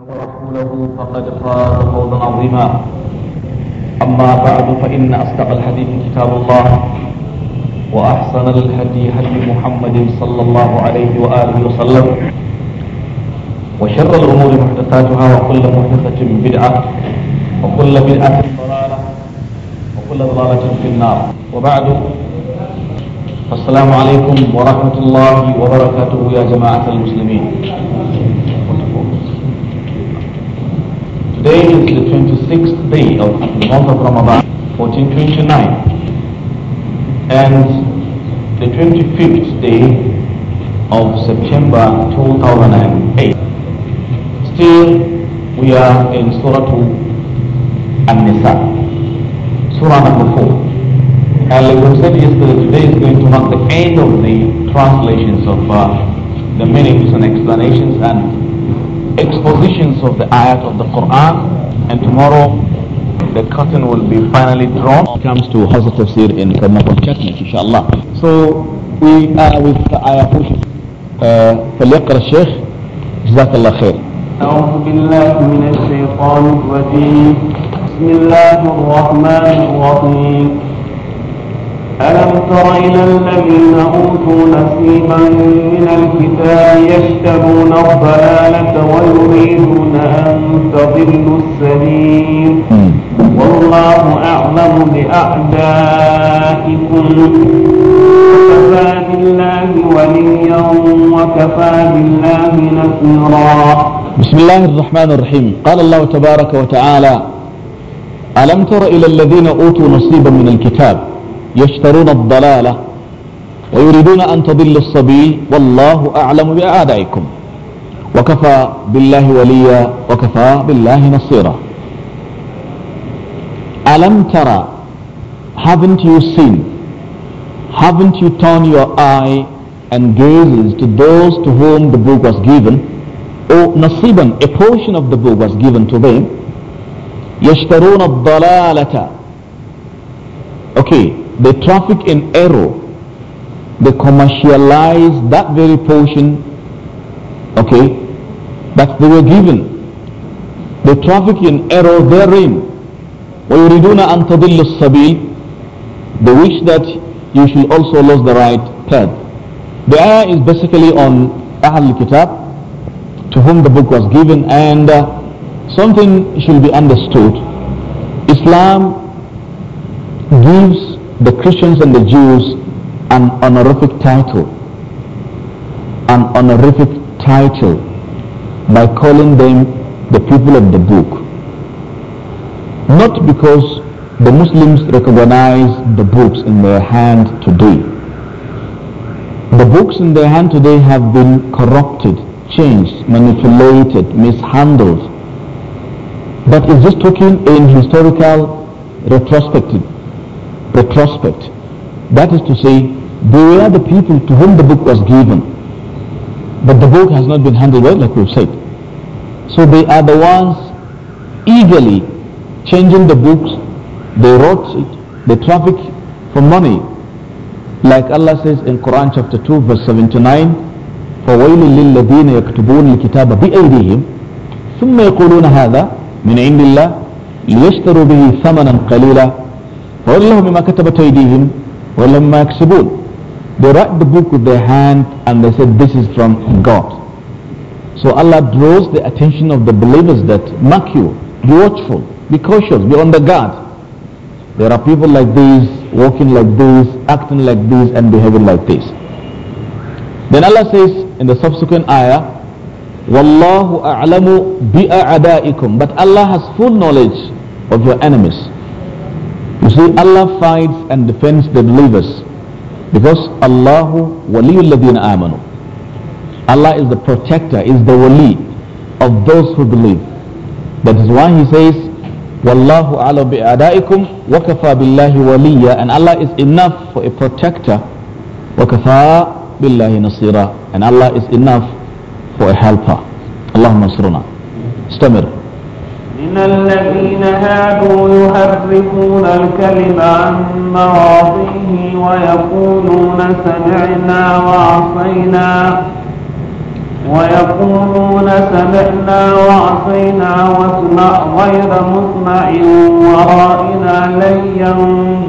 ورسوله فقد فاز فوزا عظيما أما بعد فإن أصدق الحديث كتاب الله وأحسن الهدي هدي محمد صلى الله عليه وآله وسلم وشر الأمور محدثاتها وكل محدثة بدعة وكل بدعة ضلالة وكل ضلالة في النار وبعد السلام عليكم ورحمة الله وبركاته يا جماعة المسلمين Today is the 26th day of the month of Ramadan, 1429, and the 25th day of September 2008. Still, we are in Surah and nisa Surah number 4. And like we said yesterday, today is going to mark the end of the translations of uh, the meanings and explanations and expositions of the ayat of the Quran and tomorrow the curtain will be finally drawn. It comes to House Tafsir in Karnataka Chutney, inshallah. So we are with Ayah Fushi. Uh, فليقرأ الشيخ جزاك الله أعوذ بالله من الشيطان الرجيم. بسم الله الرحمن الرحيم. ألم تر إلى الذين أوتوا نصيبا من الكتاب يشتهون الضلالة ويريدون أن تضلوا السبيل والله أعلم بأعدائكم وكفى بالله وليا وكفى بالله نصيرا بسم الله الرحمن الرحيم قال الله تبارك وتعالى ألم تر إلى الذين أوتوا نصيبا من الكتاب يشترون الضلالة ويريدون أن تضل الصبي والله أعلم بأعدائكم وكفى بالله وليا وكفى بالله نصيرا ألم ترى haven't you seen haven't you turned your eye and gazes to those to whom the book was given or nasiban a portion of the book was given to them يشترون الضلالة okay they traffic in error. They commercialize that very portion, okay, that they were given. They traffic in error therein. وَيُرِدُونَ They wish that you should also lose the right path. The ayah is basically on Ahl al-Kitab, to whom the book was given, and uh, something should be understood. Islam gives the Christians and the Jews an honorific title, an honorific title by calling them the people of the book. Not because the Muslims recognize the books in their hand today. The books in their hand today have been corrupted, changed, manipulated, mishandled. But is this talking in historical retrospective? retrospect. That is to say, they are the people to whom the book was given. But the book has not been handed well, like we've said. So they are the ones eagerly changing the books. They wrote it. They traffic for money. Like Allah says in Quran chapter 2 verse 79, فويل للذين يكتبون الكتاب بأيديهم ثم يقولون هذا من عند الله ليشتروا به ثمنا قليلا وَاللَّهُ بِمَا كَتَبَتْ أَيْدِيهِمْ وَلَمَّا يَكْسِبُونَ They write the book with their hand and they said, this is from God. So Allah draws the attention of the believers that mark you, be watchful, be cautious, be on the guard. There are people like these walking like this, acting like this and behaving like this. Then Allah says in the subsequent ayah, Wallahu a'lamu bi But Allah has full knowledge of your enemies. You see, Allah fights and defends the believers because Allahu waliyul amanu. Allah is the protector, is the wali of those who believe. That is why he says, Wallahu ala bi'adaikum wa kafa billahi waliya. And Allah is enough for a protector. Wa kafa billahi nasira. And Allah is enough for a helper. Allahumma suruna. Stamir. من الذين هادوا يحرفون الكلم عن مواضعه ويقولون سمعنا وعصينا ويقولون سمعنا وعصينا واسمع غير مسمع ورائنا ليا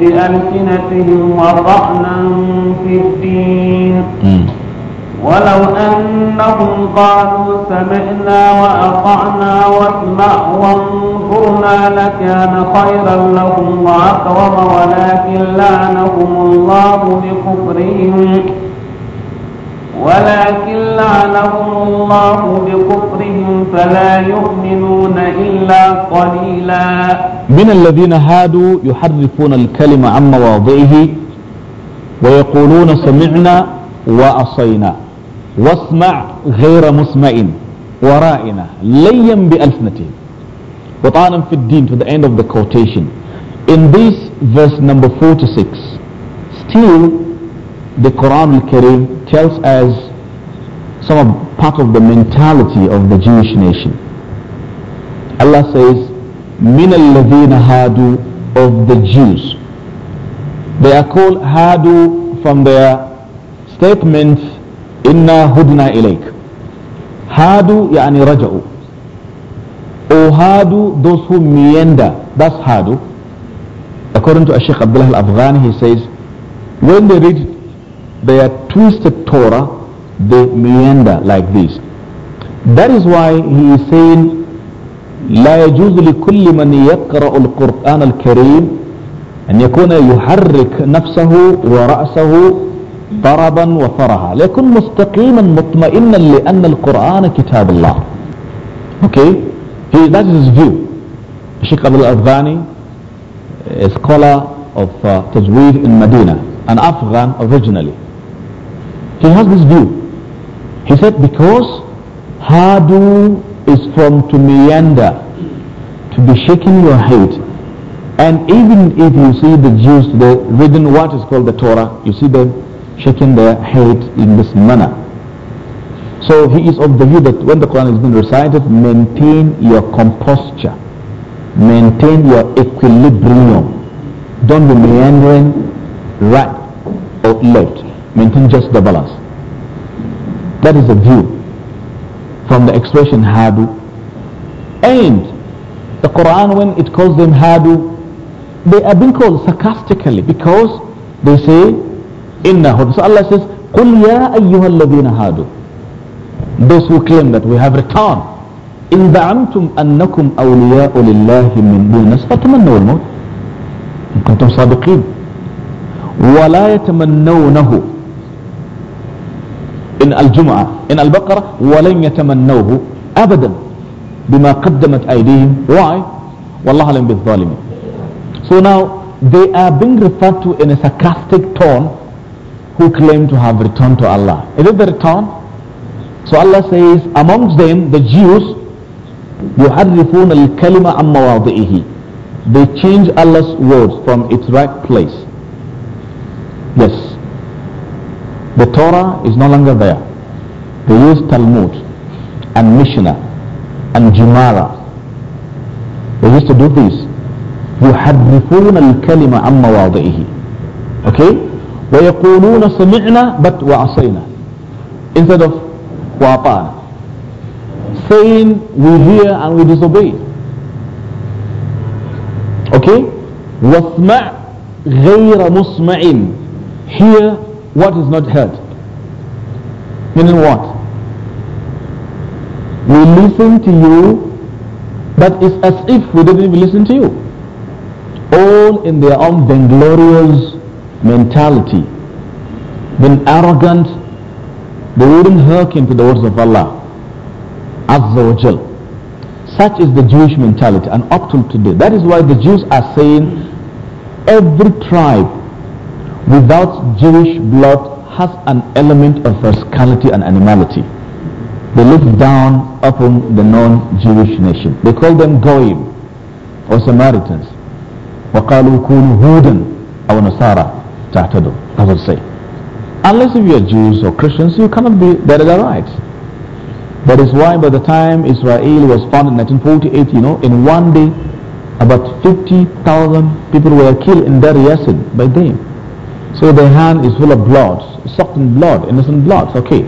بألسنتهم وطعنا في الدين ولو أنهم قالوا سمعنا وأطعنا واسمع وانظرنا لكان خيرا لهم وأكرم ولكن لعنهم الله بكفرهم ولكن لعنهم الله بكفرهم فلا يؤمنون إلا قليلا من الذين هادوا يحرفون الكلمة عن مواضعه ويقولون سمعنا وأصينا واسمع غير مسمع ورائنا ليا بألسنتهم وطعنا في الدين to the end of the quotation in this verse number 46 still the Quran al-Karim tells us some of, part of the mentality of the Jewish nation Allah says من الذين هادوا of the Jews they are called hadu from their statements." إنا هدنا إليك هادو يعني رجعوا أو هادو those who meander that's according to الشيخ Abdullah الله الأفغاني he says when they read their twisted Torah they meander like this that is why he is saying لا يجوز لكل من يقرأ القرآن الكريم أن يكون يحرك نفسه ورأسه طربا وفرها ليكن مستقيما مطمئنا لأن القرآن كتاب الله okay he, that is his view Sheikh Abdul Azani a scholar of uh, Tajweed in Medina an Afghan originally he has this view he said because Hadu is from to meander to be shaking your head and even if you see the Jews today reading what is called the Torah you see them shaking their head in this manner. So he is of the view that when the Quran is being recited, maintain your composture, maintain your equilibrium. Don't be meandering right or left. Maintain just the balance. That is the view from the expression hadu. And the Quran, when it calls them hadu, they are being called sarcastically because they say innahu. So Allah says, قُلْ يَا أَيُّهَا الَّذِينَ هَادُوا Those who claim that we have returned. إِنْ زَعَمْتُمْ أَنَّكُمْ أَوْلِيَاءُ لِلَّهِ مِنْ دُونَ فَتَمَنَّوُا الْمَوْتِ إِن كُنْتُمْ صَادِقِينَ وَلَا يَتَمَنَّوْنَهُ إن الجمعة إن البقرة ولن يتمنوه أبدا بما قدمت أيديهم why والله لم بالظالمين so now they are being referred to in a sarcastic tone who claim to have returned to Allah. Is it the return? So Allah says, amongst them, the Jews, يحرفون الكلمة عن مواضعه. They change Allah's words from its right place. Yes. The Torah is no longer there. They use Talmud and Mishnah and Gemara. They used to do this. يحرفون الكلمة عن مواضعه. Okay? وَيَقُولُونَ سَمِعْنَا but وَعَصَيْنَا instead of وَعَطَانَا saying we hear and we disobey okay وَاسْمَعْ غَيْرَ مُسْمَعٍ hear what is not heard meaning what we listen to you but it's as if we didn't even listen to you all in their own vainglorious mentality, been arrogant, they wouldn't hearken to the words of Allah. Azza wa Such is the Jewish mentality and up till today. That is why the Jews are saying every tribe without Jewish blood has an element of rascality and animality. They look down upon the non-Jewish nation. They call them Goyim or Samaritans. وَقَالُوا كُونُوا هُودًا أَوْ نَصَارًا I does say. Unless if you are Jews or Christians, you cannot be that is right. That is why by the time Israel was founded in 1948, you know, in one day, about 50,000 people were killed in Dar Yassin by them. So their hand is full of blood, soaked in blood, innocent blood, okay.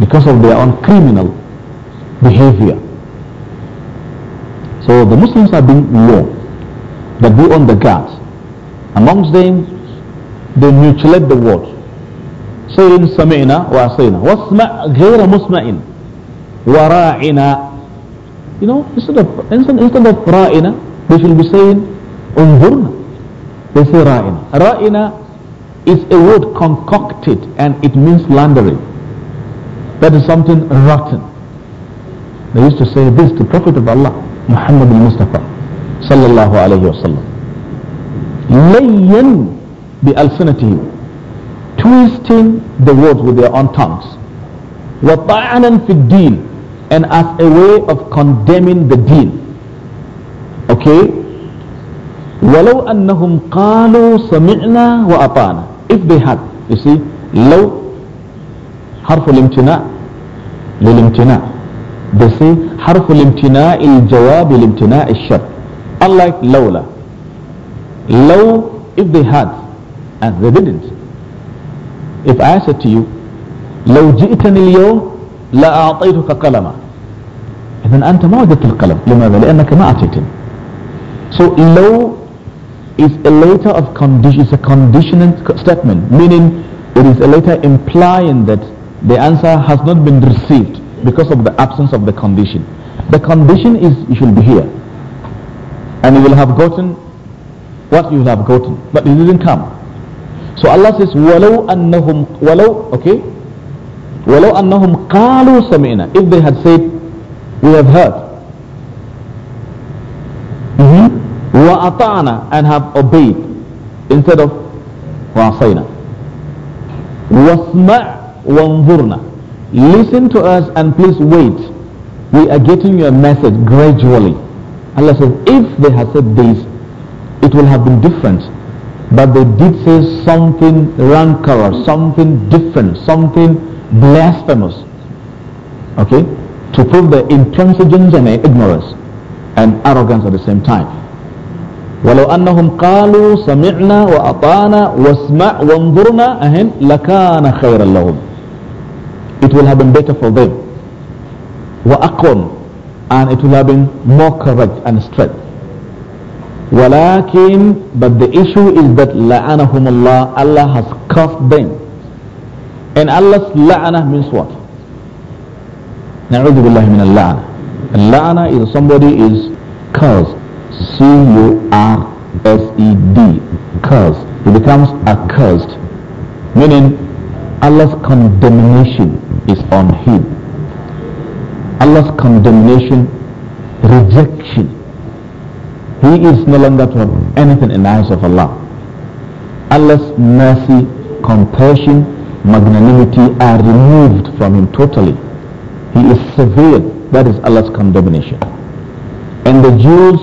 Because of their own criminal behavior. So the Muslims are being warned that be on the guard. Amongst them, they mutilate the word saying سمعنا وعصينا واسمع غير مسمع ina. you know instead of instead, instead of راعنا they should be saying انظرنا they say راعنا راعنا is a word concocted and it means slandering that is something rotten they used to say this to prophet of Allah Muhammad al-Mustafa sallallahu alayhi wa sallam بألسنتهم twisting the words with their own tongues وطعنا في الدين and as a way of condemning the deen okay ولو أنهم قالوا سمعنا وأطعنا if they had you see لو حرف الامتناع للامتناع they say حرف الامتناع الجواب لامتناع الشر unlike لولا لو if they had and they didn't. If I said to you, لو جئتني اليوم لأعطيتك قلما إذا أنت ما وجدت القلم لماذا؟ لأنك ما أتيتني So لو is a letter of condition, it's a conditional statement, meaning it is a letter implying that the answer has not been received because of the absence of the condition. The condition is you should be here and you will have gotten what you have gotten, but it didn't come. So Allah says, "Walau أَنَّهُمْ walau Okay? walau أَنَّهُمْ قَالُوا samina. If they had said, we have heard. Mhm. wa hmm And have obeyed. Instead of وَعَصَيْنَا وَاسْمَعْ وَانْظُرْنَا Listen to us and please wait. We are getting your message gradually. Allah says, if they had said this, it will have been different. But they did say something rancorous, something different, something blasphemous. Okay? To prove their intransigence and their ignorance and arrogance at the same time. ولو أنهم قالوا سمعنا وأطعنا واسمع وانظرنا أهم لكان خيرا لهم it will have been better for them وأقوم and it will have been more correct and straight ولكن but the issue is that لعنهم الله Allah has cursed them and Allah's la'ana means what نعوذ بالله من اللعنة اللعنة is somebody is cursed C-U-R-S-E-D cursed He becomes accursed meaning Allah's condemnation is on him Allah's condemnation rejection he is no longer to have anything in the eyes of Allah. Allah's mercy, compassion, magnanimity are removed from him totally. He is severed. That is Allah's condemnation. And the Jews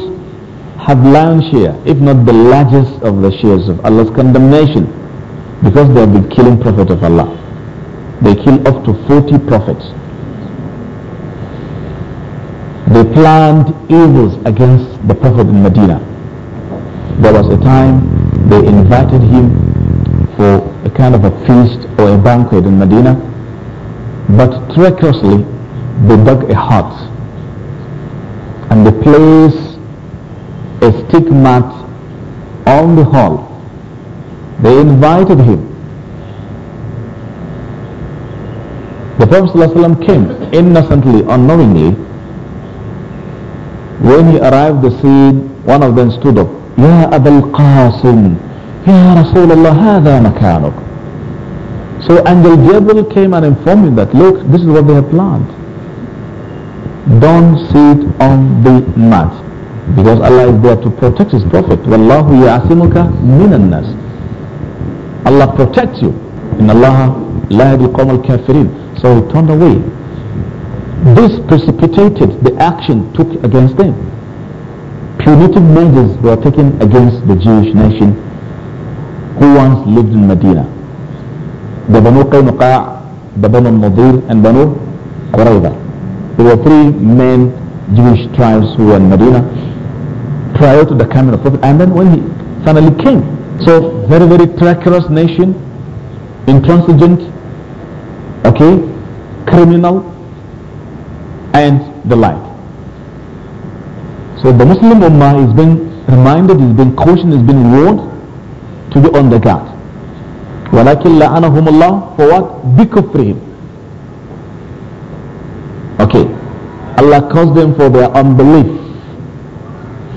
have lion share, if not the largest of the shares of Allah's condemnation, because they have been killing Prophet of Allah. They kill up to 40 prophets they planned evils against the Prophet in Medina. There was a time they invited him for a kind of a feast or a banquet in Medina, but treacherously they dug a hut and they placed a stick mat on the hall. They invited him. The Prophet ﷺ came innocently, unknowingly, when he arrived the scene, one of them stood up. يا أبا القاسم يا رسول الله هذا مكانك. So Angel Gabriel came and informed him that, look, this is what they have planned. Don't sit on the mat. Because Allah is there to protect His Prophet. وَاللَّهُ يَعْصِمُكَ مِنَ النَّاسِ Allah protects you. In Allah لَا يَهْدِي الْقَوْمَ الْكَافِرِينَ So he turned away this precipitated the action took against them. Punitive measures were taken against the Jewish nation who once lived in Medina. The Banu Qaynuqa, the Banu Nadir, and Banu Qurayza. There were three main Jewish tribes who were in Medina prior to the coming of Prophet. And then when he finally came, so very very treacherous nation, intransigent, okay, criminal, and the like. So the Muslim Ummah is being reminded, is being cautioned, is being warned to be on the guard. ولكن لعنهم الله for what? بكفرهم. Okay. Allah caused them for their unbelief.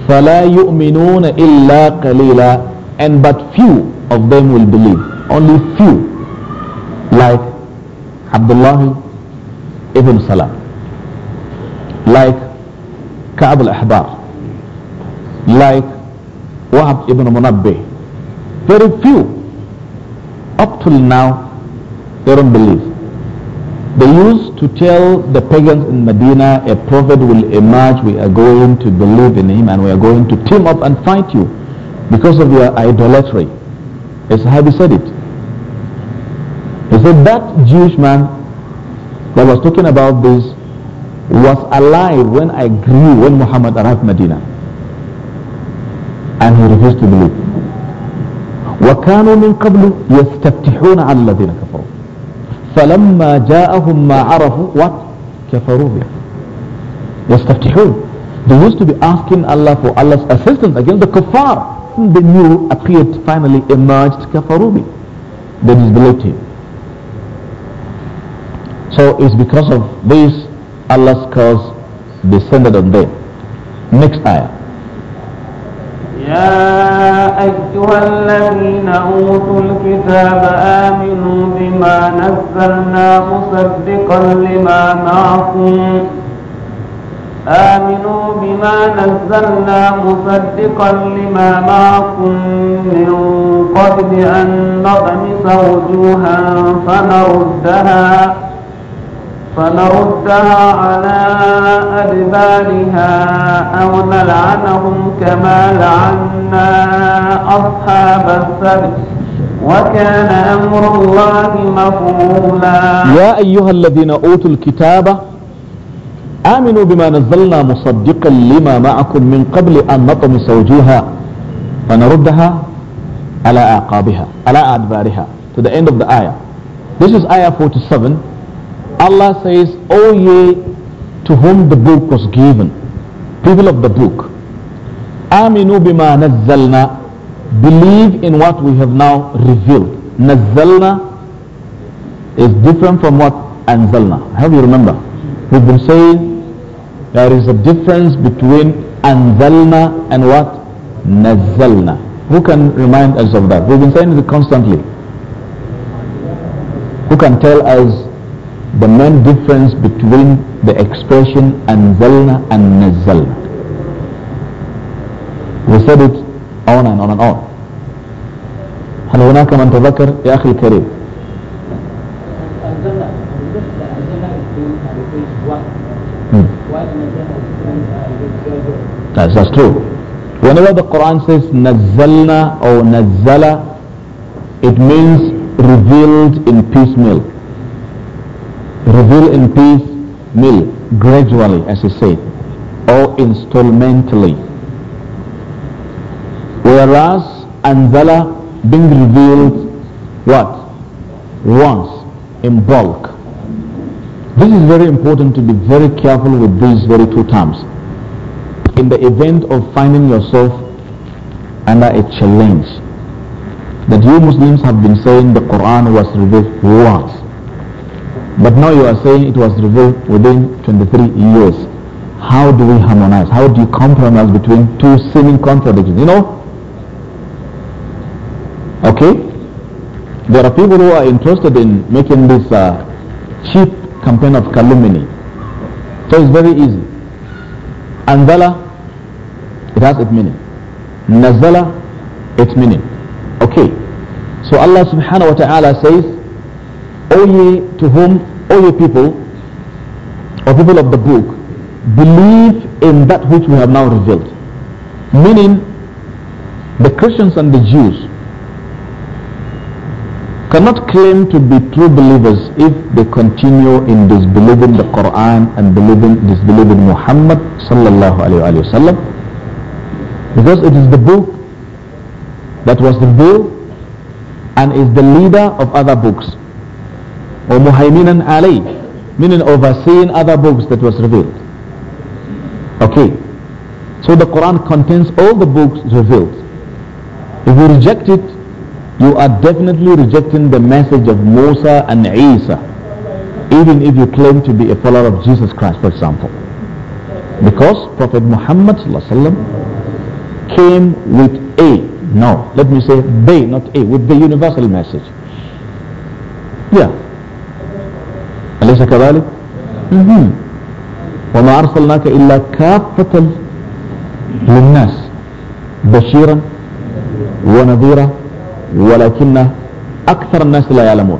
فلا يؤمنون إلا قليلا and but few of them will believe. Only few. Like Abdullah ibn Salam like Ka'b al-Ahbar, like Wahab ibn Munabbi. Very few. Up till now, they don't believe. They used to tell the pagans in Medina, a prophet will emerge, we are going to believe in him and we are going to team up and fight you because of your idolatry. As Sahabi said it. He said that Jewish man that was talking about this was alive when I grew when Muhammad arrived Medina. And he refused to believe. وكانوا من قبل يستفتحون على الذين كفروا فلما جاءهم ما عرفوا what كفروا به يستفتحون they used to be asking Allah for Allah's assistance against the kuffar the new appeared finally emerged كفروا به they disbelieved him so it's because of this Allah's curse descended on them. Next ayah. يا أيها الذين أوتوا الكتاب آمنوا بما نزلنا مصدقا لما معكم آمنوا بما نزلنا مصدقا لما معكم من قبل أن نطمس وجوها فنردها فنردها على أدبارها أو نلعنهم كما لعنا أصحاب السبت وكان أمر الله مفعولا يا أيها الذين أوتوا الكتاب آمنوا بما نزلنا مصدقا لما معكم من قبل أن نطمس وجوها فنردها على أعقابها على أدبارها to the end of the ayah this is ayah 47 Allah says, O ye to whom the book was given, people of the book, Aminu bima nazzalna, believe in what we have now revealed. Nazzalna is different from what anzalna. How do you remember? We've been saying there is a difference between anzalna and what? Nazzalna. Who can remind us of that? We've been saying it constantly. Who can tell us the main difference between the expression anzalna and nazalna. We said it on and on and on. هل هناك من تذكر يا أخي الكريم؟ hmm. uh, That's, that's true. Whenever the Quran says nazalna or nazala, it means revealed in piecemeal reveal in peace meal gradually as he said or instrumentally whereas anzala being revealed what once in bulk this is very important to be very careful with these very two terms in the event of finding yourself under a challenge that you Muslims have been saying the Quran was revealed once but now you are saying it was revealed within 23 years. How do we harmonize? How do you compromise between two seeming contradictions? You know? Okay? There are people who are interested in making this uh, cheap campaign of calumny. So it's very easy. Anzala, it has its meaning. Nazala, its meaning. Okay. So Allah subhanahu wa ta'ala says, O ye to whom, O ye people, or people of the book, believe in that which we have now revealed. Meaning, the Christians and the Jews cannot claim to be true believers if they continue in disbelieving the Quran and believing, disbelieving Muhammad sallallahu alayhi wa sallam. Because it is the book that was revealed and is the leader of other books or muhaiminan ali, meaning overseeing other books that was revealed. Okay. So the Quran contains all the books revealed. If you reject it, you are definitely rejecting the message of Musa and Isa, even if you claim to be a follower of Jesus Christ, for example. Because Prophet Muhammad came with a, no, let me say b, not a, with the universal message. Yeah, أليس كذلك وما أرسلناك إلا كافة للناس بشيرا ونذيرا ولكن أكثر الناس لا يعلمون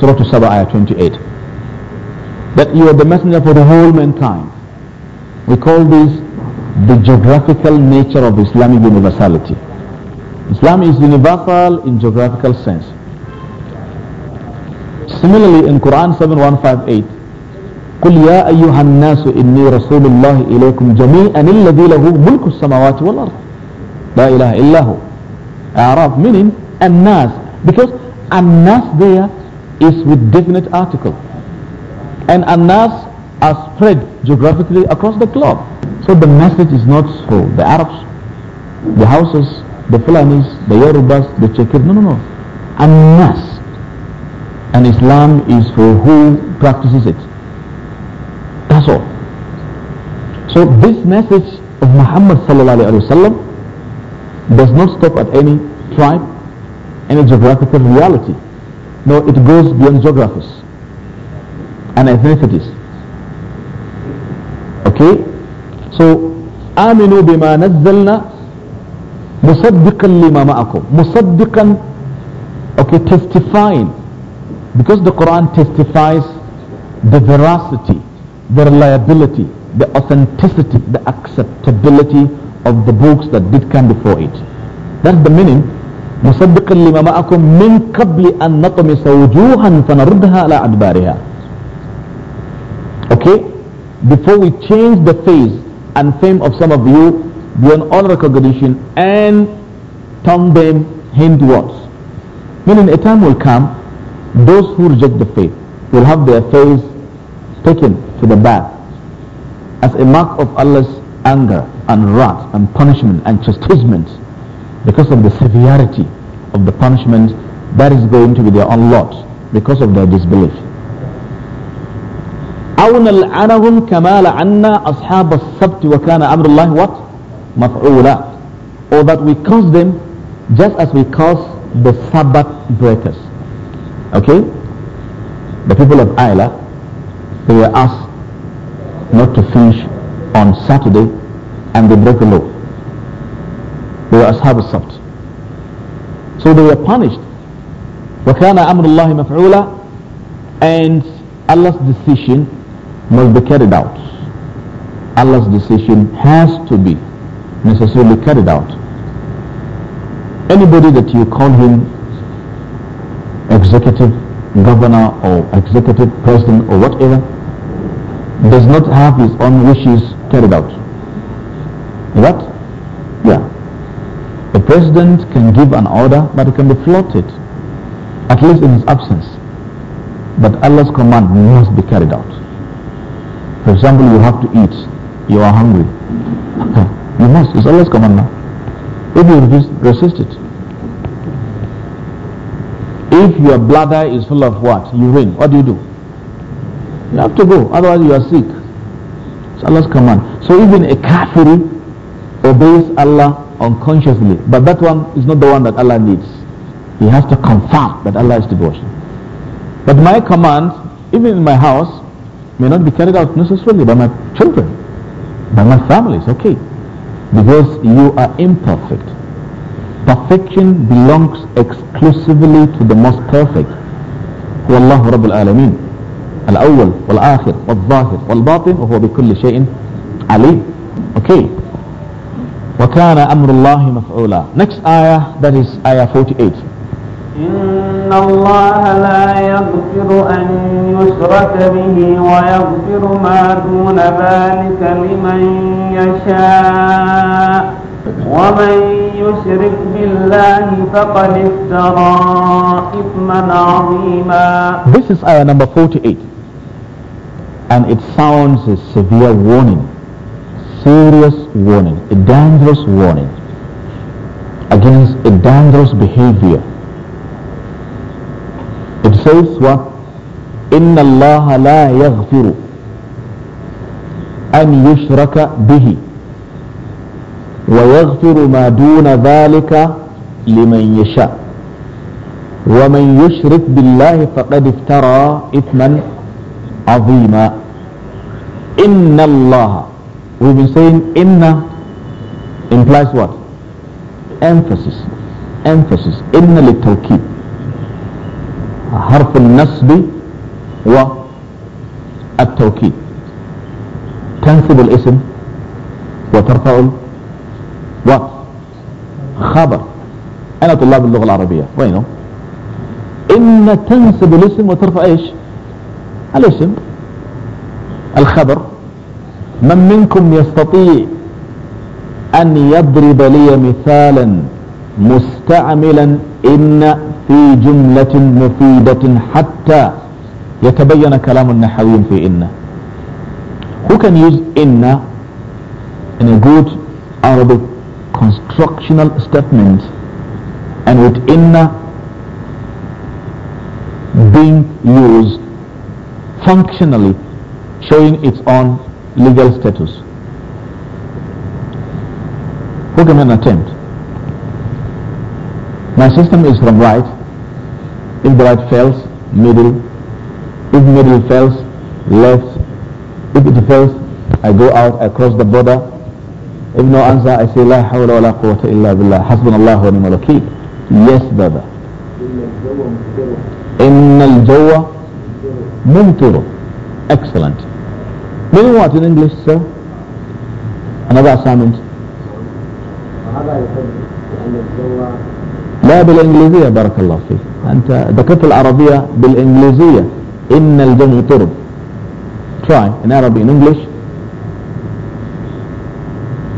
سورة السبعة آية 28 that you are the messenger for the whole mankind we call this the geographical nature of Islamic universality Islam is universal in geographical sense Similarly in Quran 7158 قل يا أيها الناس إني رسول الله إليكم جميعا الذي له ملك السماوات والأرض لا إله إلا هو أعراب meaning الناس because الناس there is with definite article and الناس are spread geographically across the globe so the message is not for the Arabs the Houses the Fulanis the Yorubas the Chekirs no no no الناس and Islam is for who practices it. That's all. So this message of Muhammad sallallahu does not stop at any tribe, any geographical reality. No, it goes beyond geographies and ethnicities. Okay? So, آمنوا بما نزلنا مصدقا لما معكم مصدقا okay testifying because the Quran testifies the veracity, the reliability, the authenticity, the acceptability of the books that did come before it. That's the meaning. مصدقا لما معكم من قبل أن نطمس وجوها فنردها على أدبارها. Okay? Before we change the face and fame of some of you beyond all recognition and turn them hindwards. Meaning a time will come those who reject the faith will have their face taken to the back as a mark of Allah's anger and wrath and punishment and chastisement because of the severity of the punishment that is going to be their own lot because of their disbelief. أو نلعنهم كما لعنا أصحاب السبت وكان أمر الله what مفعولا or that we curse them just as we curse the Sabbath breakers Okay? The people of Isla, they were asked not to fish on Saturday and they broke the law. They were Ashab al-Sabt. So they were punished. وَكَانَ أَمْرُ اللَّهِ مَفْعُولًا And Allah's decision must be carried out. Allah's decision has to be necessarily carried out. Anybody that you call him executive governor or executive president or whatever does not have his own wishes carried out. What? Yeah. The president can give an order but it can be flouted, at least in his absence. But Allah's command must be carried out. For example, you have to eat. You are hungry. you must. It's Allah's command now. If you resist it, if your bladder is full of what? Urine. What do you do? You have to go. Otherwise you are sick. It's Allah's command. So even a kafir obeys Allah unconsciously. But that one is not the one that Allah needs. He has to confirm that Allah is to But my command, even in my house, may not be carried out necessarily by my children, by my families, okay? Because you are imperfect. perfection belongs exclusively to the most perfect هو الله رب العالمين الأول والآخر والظاهر والباطن وهو بكل شيء عليم okay وكان أمر الله مفعولا next ayah that is ayah 48 إن الله لا يغفر أن يشرك به ويغفر ما دون ذلك لمن يشاء ومن يشرك بالله فقد افترى إثما عظيما This is ayah number 48 and it sounds a severe warning serious warning a dangerous warning against a dangerous behavior it says what إن الله لا يغفر أن يشرك به ويغفر ما دون ذلك لمن يشاء ومن يشرك بالله فقد افترى إثما عظيما إن الله we've been saying إن implies what emphasis emphasis إن للتوكيد حرف النصب والتوكيد تنصب الاسم وترفع وخبر خبر أنا طلاب اللغة العربية وينه إن تنسب الاسم وترفع إيش الاسم الخبر من منكم يستطيع أن يضرب لي مثالا مستعملا إن في جملة مفيدة حتى يتبين كلام النحويين في إن Who can use إن in a good Arabic constructional statement and with inna being used functionally showing its own legal status. Who can an attempt? My system is from right. If the right fails, middle. If middle fails, left. If it fails, I go out, I cross the border, ابن أنزع أسي لا حول ولا قوة إلا بالله حسبنا الله ونعم الوكيل Yes بابا إن الجو ممطر Excellent من what in English sir? Another assignment لا بالإنجليزية بارك الله فيك أنت ذكرت العربية بالإنجليزية إن الجو ممطر Try in Arabic in English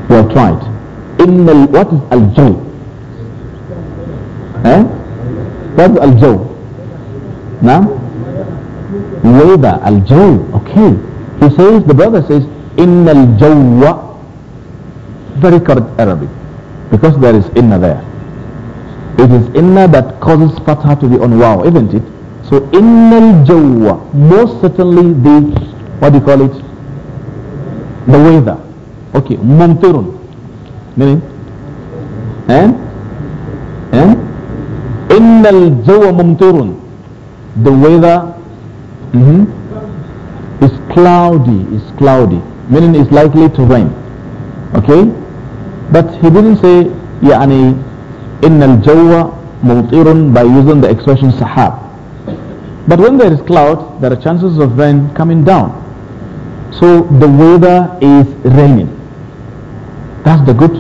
were tried. In al, what is al jaw? Eh? What is al jaw? Now, weather al jaw. Okay. He says the brother says in al jawwa. Very correct Arabic, because there is inna there. It is inna that causes fatha to be on wow, isn't it? So al jawwa, most certainly the, what do you call it? The weather okay ممطر meaning and and al-jawa ممطر the weather mm -hmm, is cloudy is cloudy meaning it's likely to rain okay but he didn't say يعني al-jawa ممطر by using the expression sahab but when there is cloud there are chances of rain coming down so the weather is raining that's the good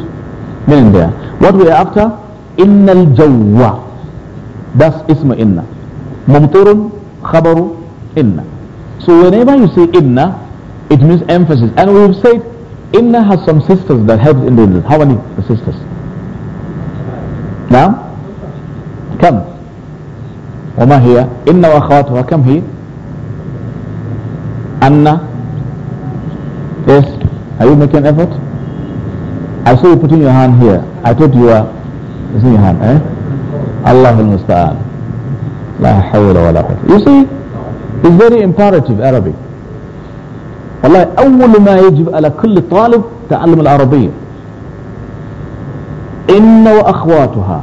meaning there. What we are after? al الجو That's isma inna. ممطر خبر inna. So whenever you say inna, it means emphasis. And we've said inna has some sisters that help in the How many sisters? come. كم وما هي إن وأخواتها كم هي أن yes are you making effort I saw you putting your hand here. I thought you were using your hand. Eh? Allah al-Musta'an. La hawla wa la quwwata. You see, it's very imperative Arabic. والله أول ما يجب على كل طالب تعلم العربية. إن وأخواتها.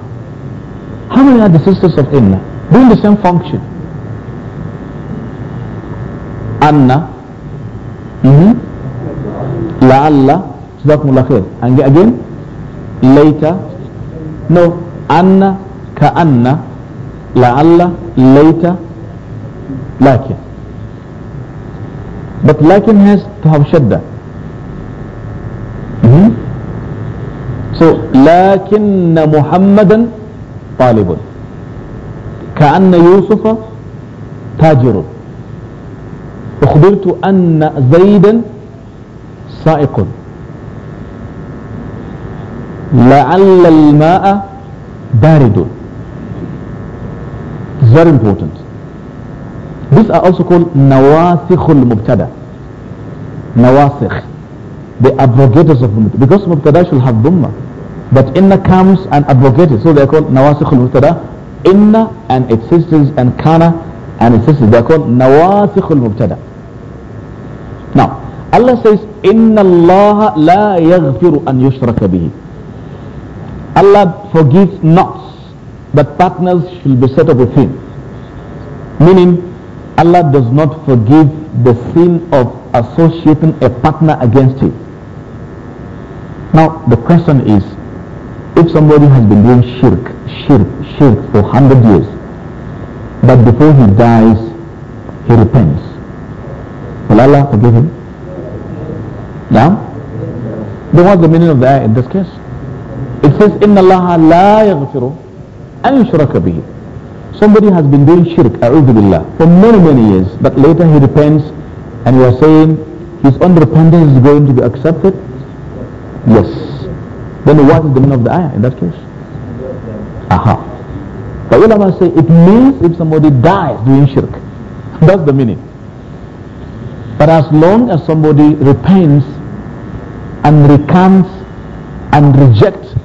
How many are the sisters of Inna? Doing the same function. Anna. Mm -hmm. لعل جزاكم الله خير أنجي أجين ليت نو أن كأن لعل ليت لكن but لكن has to have شدة hmm? so لكن محمدا طالب كأن يوسف تاجر أخبرت أن زيدا سائق لعل الماء بارد very important these are also called نواسخ المبتدا نواسخ the abrogators of mubtada because mubtada should have dhamma but inna comes and abrogated so they are called نواسخ المبتدا إن inna and its sisters and kana and its sisters they are called نواسخ المبتدا now Allah says إن الله لا يغفر أن يشرك به Allah forgives not, but partners should be set up with him. Meaning, Allah does not forgive the sin of associating a partner against him. Now, the question is, if somebody has been doing shirk, shirk, shirk for 100 years, but before he dies, he repents, will Allah forgive him? Now, then what's the meaning of the ayah in this case? It says, إِنَّ اللَّهَ لَا يَغْفِرُ أَنْ يُشْرَكَ بِهِ Somebody has been doing shirk, a'udhu billah, for many, many years, but later he repents and you are saying his own repentance is going to be accepted? Yes. Then what is the meaning of the ayah in that case? Aha. The ulama say it means if somebody dies doing shirk. That's the meaning. But as long as somebody repents and recants and rejects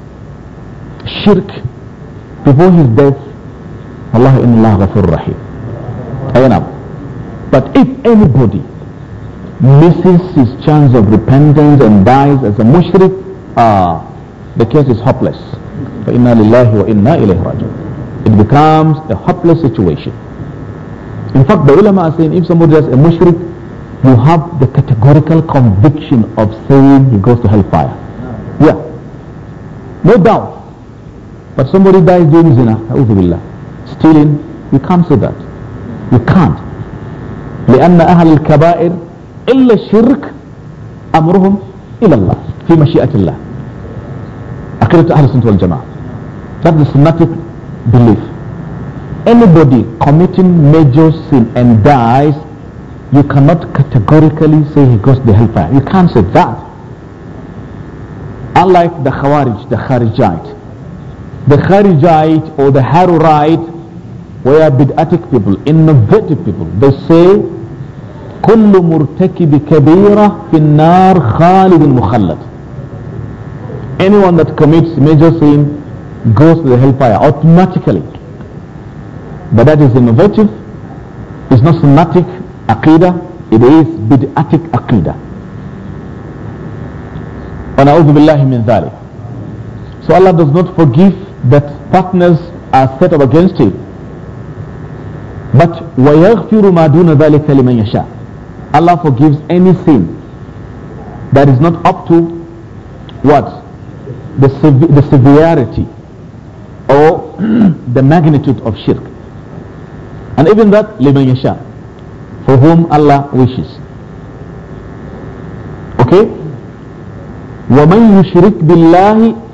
shirk before his death, Allah in Allah ghafur rahim. But if anybody misses his chance of repentance and dies as a mushrik, ah, the case is hopeless. It becomes a hopeless situation. In fact, the ulama are saying if somebody is a mushrik, you have the categorical conviction of saying he goes to hellfire. Yeah. No doubt. But somebody dies doing zina, stealing, you can't say that. You can't. لأن أهل الكبائر إلا الشرك أمرهم إلى الله في مشيئة الله. أكيد أهل السنة والجماعة. That's the Sunnatic belief. Anybody committing major sin and dies, you cannot categorically say he goes to hellfire. You can't say that. Unlike the Khawarij, the Kharijite, The Kharijite or the Harurite were bid'atic people, innovative people. They say, كل مرتكب كبيرة في النار خالد مخلد. Anyone that commits major sin goes to the hellfire automatically. But that is innovative. It's not sunnatic aqidah. It is bid'atic aqidah. ونعوذ بالله من ذلك. So Allah does not forgive that partners are set up against him. But وَيَغْفِرُ مَا دُونَ ذَلِكَ لِمَنْ يَشَاءُ Allah forgives any sin that is not up to what? The, sev the severity or the magnitude of shirk. And even that, لِمَنْ يَشَاءُ For whom Allah wishes. Okay? وَمَنْ يُشْرِكْ بِاللَّهِ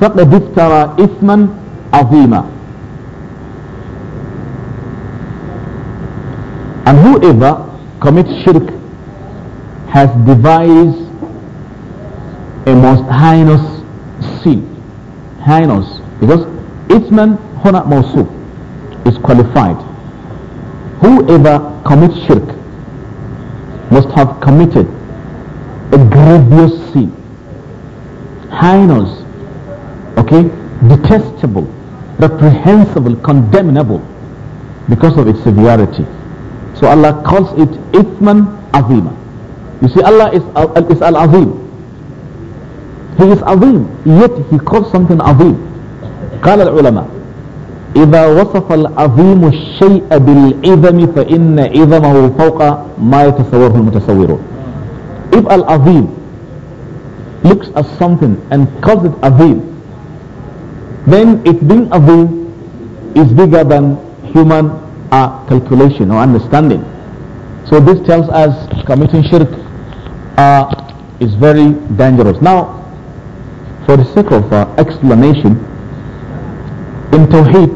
فقد افترى إثما عظيما And whoever commits shirk has devised a most heinous sin. Heinous. Because Ithman Hona Mawsuf is qualified. Whoever commits shirk must have committed a grievous sin. Heinous okay, detestable, reprehensible, condemnable because of its severity. So Allah calls it Ithman Azima. You see, Allah is, al is Al-Azim. He is Azim, yet He calls something Azim. قال العلماء إذا وصف العظيم الشيء بالعظم فإن عظمه فوق ما يتصوره المتصورون If Al-Azim looks at something and calls it Azim, then it being a will is bigger than human uh, calculation or understanding. So this tells us committing shirk uh, is very dangerous. Now, for the sake of uh, explanation, in Tawheed,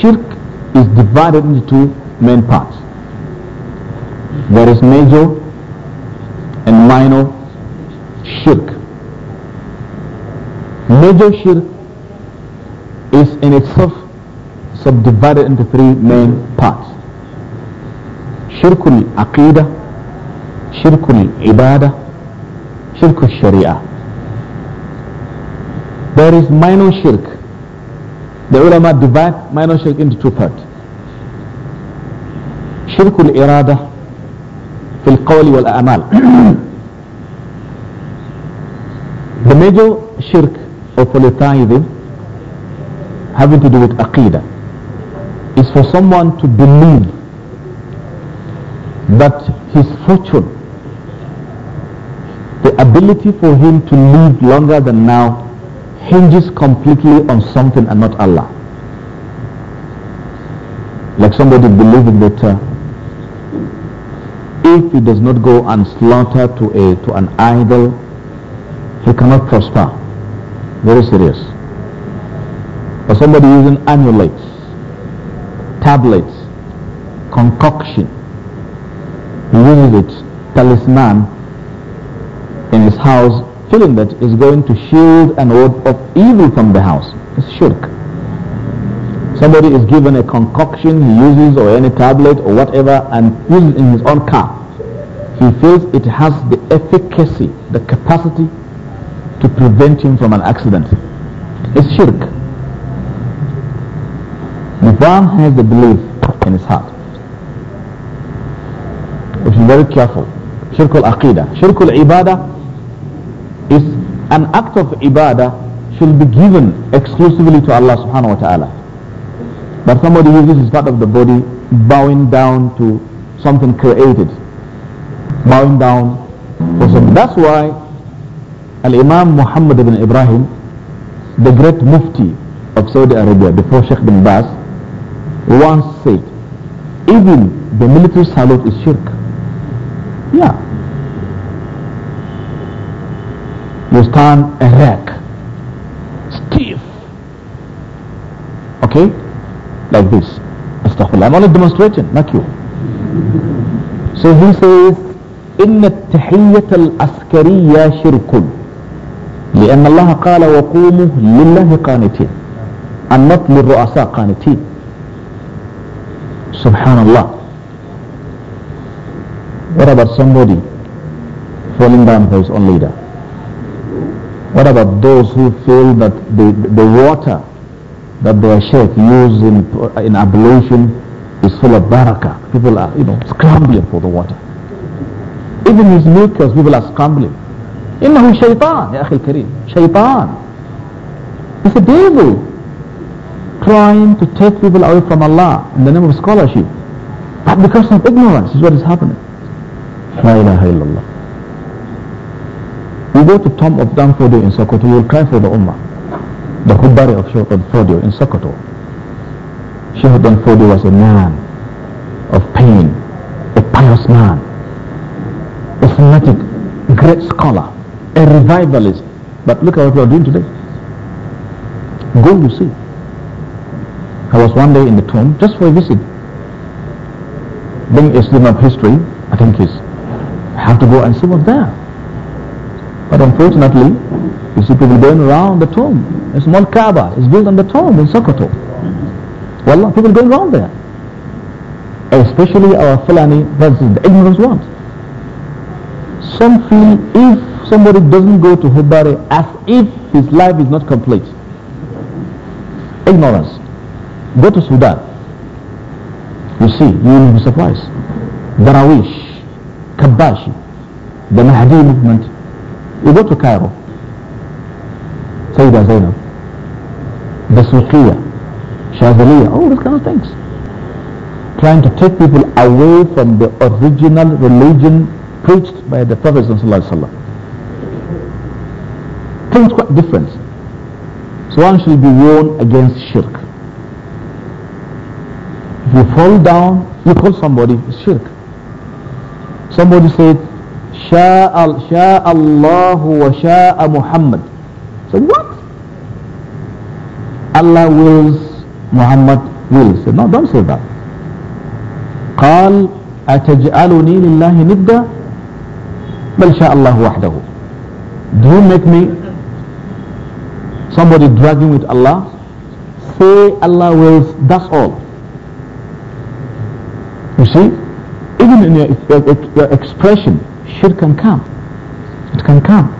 shirk is divided into two main parts. There is major and minor shirk. Major shirk is in itself subdivided into three main parts. Shirkul Aqidah, Shirkul ibada, Shirkul Sharia. There is minor shirk. The ulama divide minor shirk into two parts. Shirkul Iradah, في القول والأعمال. the major shirk of polytheism having to do with aqidah is for someone to believe that his fortune, the ability for him to live longer than now, hinges completely on something and not Allah. Like somebody believing that uh, if he does not go and slaughter to a to an idol, he cannot prosper. Very serious or somebody using amulets, tablets, concoction. He uses it, talisman, in his house, feeling that it's going to shield and ward off evil from the house. It's shirk. Somebody is given a concoction he uses or any tablet or whatever and uses in his own car. He feels it has the efficacy, the capacity to prevent him from an accident. It's shirk. Islam has the belief in his heart. If you are very careful. Shirk al-aqidah. Shirk al-ibadah is an act of ibadah should be given exclusively to Allah subhanahu wa ta'ala. But somebody uses his part of the body bowing down to something created. Bowing down for something. That's why Al-Imam Muhammad ibn Ibrahim, the great mufti of Saudi Arabia before Sheikh bin Baz, once said, even the military salute is shirk. Yeah. You stand erect, stiff. Okay? Like this. Astaghfirullah. I'm only demonstrating, not you. So he says, إن التحية الأسكرية شرك لأن الله قال وقوموا لله قانتين and not للرؤساء قانتين Subhanallah. What about somebody falling down for his own leader? What about those who feel that the, the water that their sheikh used in, in ablution is full of barakah? People are, you know, scrambling for the water. Even his makers, people are scrambling. إنه شيطان يا أخي الكريم شيطان. It's a devil trying to take people away from Allah in the name of scholarship. But because of ignorance is what is happening. La ilaha illallah. You go to tomb of Dan Fodio in Sokoto, you will cry for the Ummah. The Hubbari of Sheikh in Sokoto. Sheikh Dan Fodio was a man of pain, a pious man, a fanatic, great scholar, a revivalist. But look at what we are doing today. Go, you see. I was one day in the tomb just for a visit. Being a student of history, I think it's, I have to go and see what's there. But unfortunately, you see people going around the tomb. A small Kaaba is built on the tomb in Sokoto. Wallah, people going around there. Especially our Fulani, that's the ignorant ones. Some feel if somebody doesn't go to Hubari as if his life is not complete. Ignorance. Go to Sudan. You see, you will be surprised. Darawish, Kabashi, the Mahdi movement. You go to Cairo. Sayyida Zainab, the Sufiya, Shazaliya, all these kind of things. Trying to take people away from the original religion preached by the Prophet Things quite different. So one should be warned against shirk. You fall down, you call somebody, shirk. Somebody said, Sha Allah wa Sha Muhammad. So what? Allah wills, Muhammad wills. So, no, don't say that. قال أتجعلني لله ندا بل شاء الله وحده Do you make me somebody dragging with Allah? Say Allah wills, that's all. You see, even in your, your, your expression, shirk can come. It can come.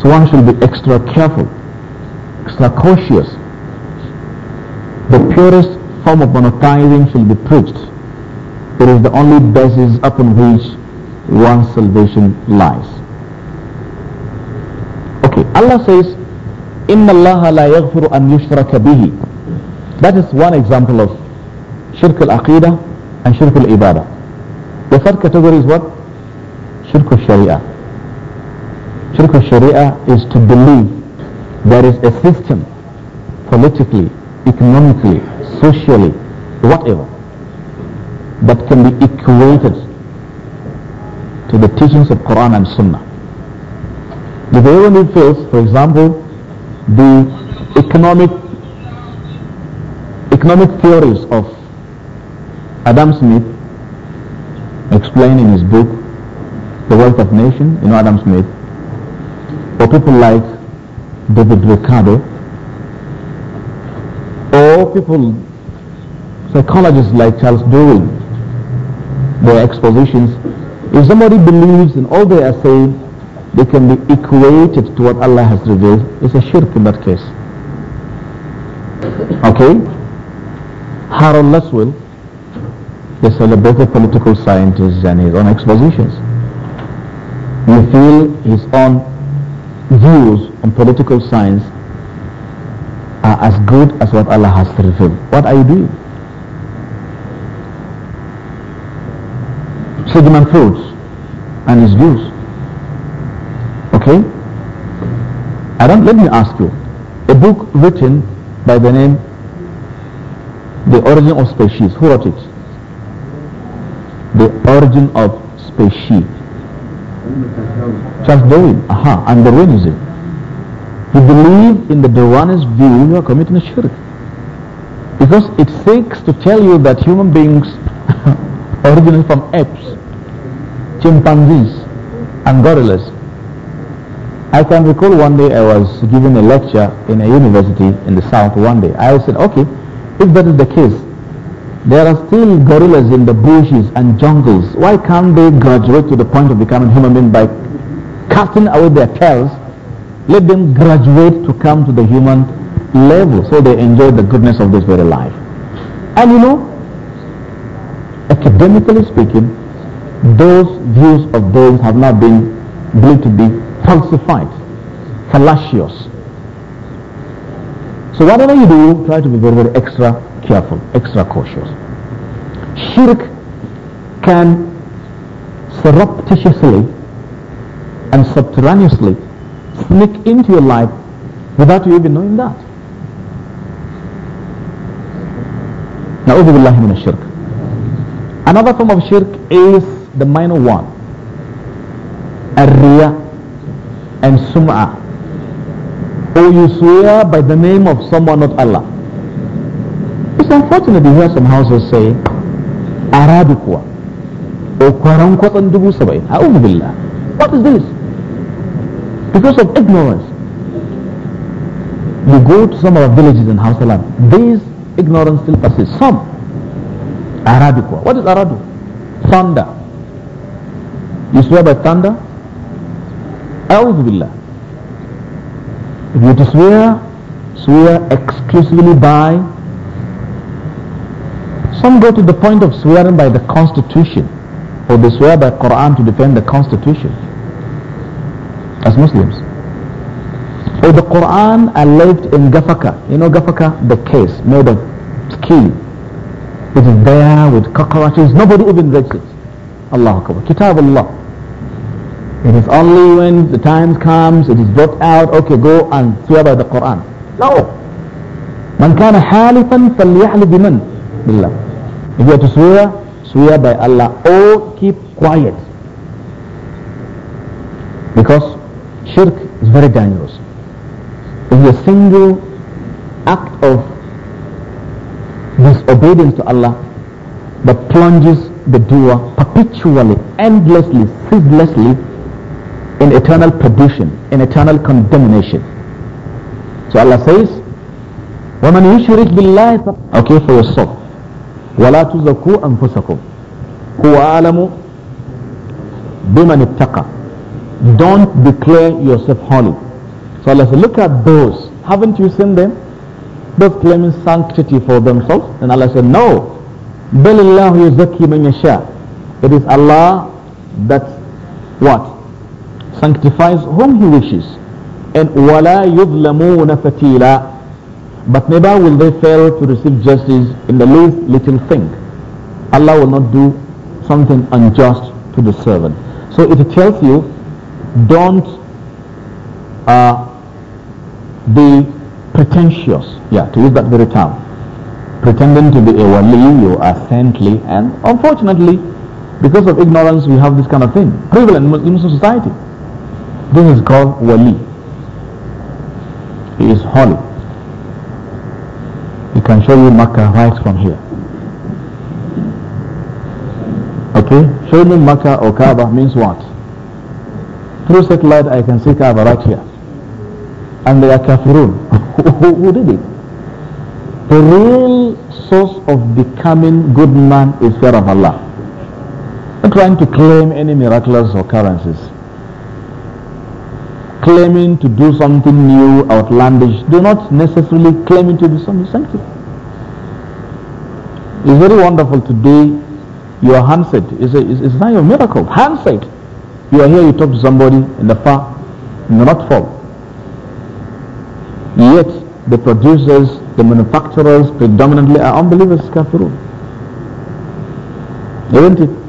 So one should be extra careful, extra cautious. The purest form of monotheism should be preached. It is the only basis upon which one's salvation lies. Okay, Allah says, إِنَّ اللَّهَ لَا يَغْفِرُ أَنْ يُشْرَكَ بِهِ That is one example of shirk al-aqidah and shirk al-ibadah. The third category is what? Shirk al-sharia. Shirk al-sharia is to believe there is a system politically, economically, socially, whatever that can be equated to the teachings of Quran and Sunnah. The very one feels, for example, the economic economic theories of Adam Smith explained in his book, The Wealth of Nations*. you know Adam Smith, or people like David Ricardo, or people, psychologists like Charles Darwin, their expositions, if somebody believes in all they are saying, they can be equated to what Allah has revealed. It's a shirk in that case. Okay? Harun Laswell, the celebrated political scientist and his own expositions. You feel his own views on political science are as good as what Allah has revealed. What are you doing? Sigmund Freud and his views. Okay? I don't, let me ask you. A book written by the name The Origin of Species. Who wrote it? the origin of spaceship. Charles Darwin, aha, and Darwinism. You believe in the Darwinist view, you are committing a shirk. Because it seeks to tell you that human beings originate from apes, chimpanzees, and gorillas. I can recall one day I was giving a lecture in a university in the south one day. I said, okay, if that is the case, there are still gorillas in the bushes and jungles. Why can't they graduate to the point of becoming human beings by cutting away their tails? Let them graduate to come to the human level so they enjoy the goodness of this very life. And you know, academically speaking, those views of those have now been believed to be falsified, fallacious, so whatever you do, try to be very, very extra careful, extra cautious. Shirk can surreptitiously and subterraneously sneak into your life without you even knowing that. Na'udhu billahi min shirk. Another form of shirk is the minor one. Ar-riya and sum'ah or you swear by the name of someone not Allah. It's unfortunate to hear some houses say, Aradu kuwa, or kwaran kwatsan dubu sabai, What is this? Because of ignorance. You go to some of our villages in Hausaland, this ignorance still persists. Some. Aradu kuwa. What is Aradu? Thunder. You swear by thunder? A'udhu billah. If you to swear, swear exclusively by. Some go to the point of swearing by the Constitution, or they swear by Quran to defend the Constitution as Muslims. Or the Quran alleged in Gafaka. You know Gafaka, the case made of skill. It is there with cockroaches. Nobody even reads it. Allah Akbar. Kitab Allah. It is only when the time comes, it is brought out, okay, go and swear by the Quran. No. من كان حالفا فليحلف biman. If you are to swear, swear by Allah or keep quiet. Because shirk is very dangerous. If a single act of disobedience to Allah that plunges the doer perpetually, endlessly, ceaselessly in eternal perdition, in eternal condemnation. So Allah says, وَمَنْ يُشْرِكْ بِاللَّهِ Okay, for yourself. وَلَا تُزَكُوا أَنفُسَكُمْ هُوَ أَعْلَمُ بِمَنِ اتَّقَى Don't declare yourself holy. So Allah says, look at those. Haven't you seen them? Those claiming sanctity for themselves. And Allah said, no. بَلِ اللَّهُ يَزَكِّي مَنْ يَشَاءُ It is Allah that what? sanctifies whom He wishes. And وَلَا يُظْلَمُونَ فَتِيلًا But never will they fail to receive justice in the least little thing. Allah will not do something unjust to the servant. So it tells you, don't uh, be pretentious. Yeah, to use that very term. Pretending to be a wali, you are saintly, and unfortunately, because of ignorance, we have this kind of thing prevalent in Muslim society. This is called wali. He is holy. He can show you Makkah right from here. Okay? Showing me Makkah or Kaaba means what? Through satellite I can see Kaaba right here. And they are kafirun. Who did it? The real source of becoming good man is fear of Allah. Not trying to claim any miraculous occurrences claiming to do something new, outlandish, do not necessarily claim it to be something something. It's very wonderful today. Your handset is a, is, is not your miracle. Handset. You are here, you talk to somebody in the far, in the not far. Yet the producers, the manufacturers predominantly are unbelievers, kafirun. Isn't it?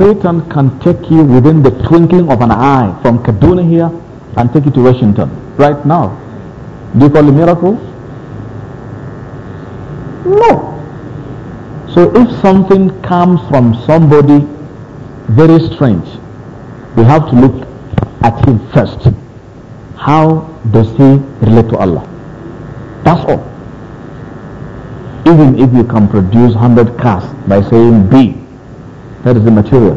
Satan can take you within the twinkling of an eye from Kaduna here and take you to Washington right now. Do you call it miracle? No. So if something comes from somebody very strange, we have to look at him first. How does he relate to Allah? That's all. Even if you can produce 100 cars by saying B, that is the material.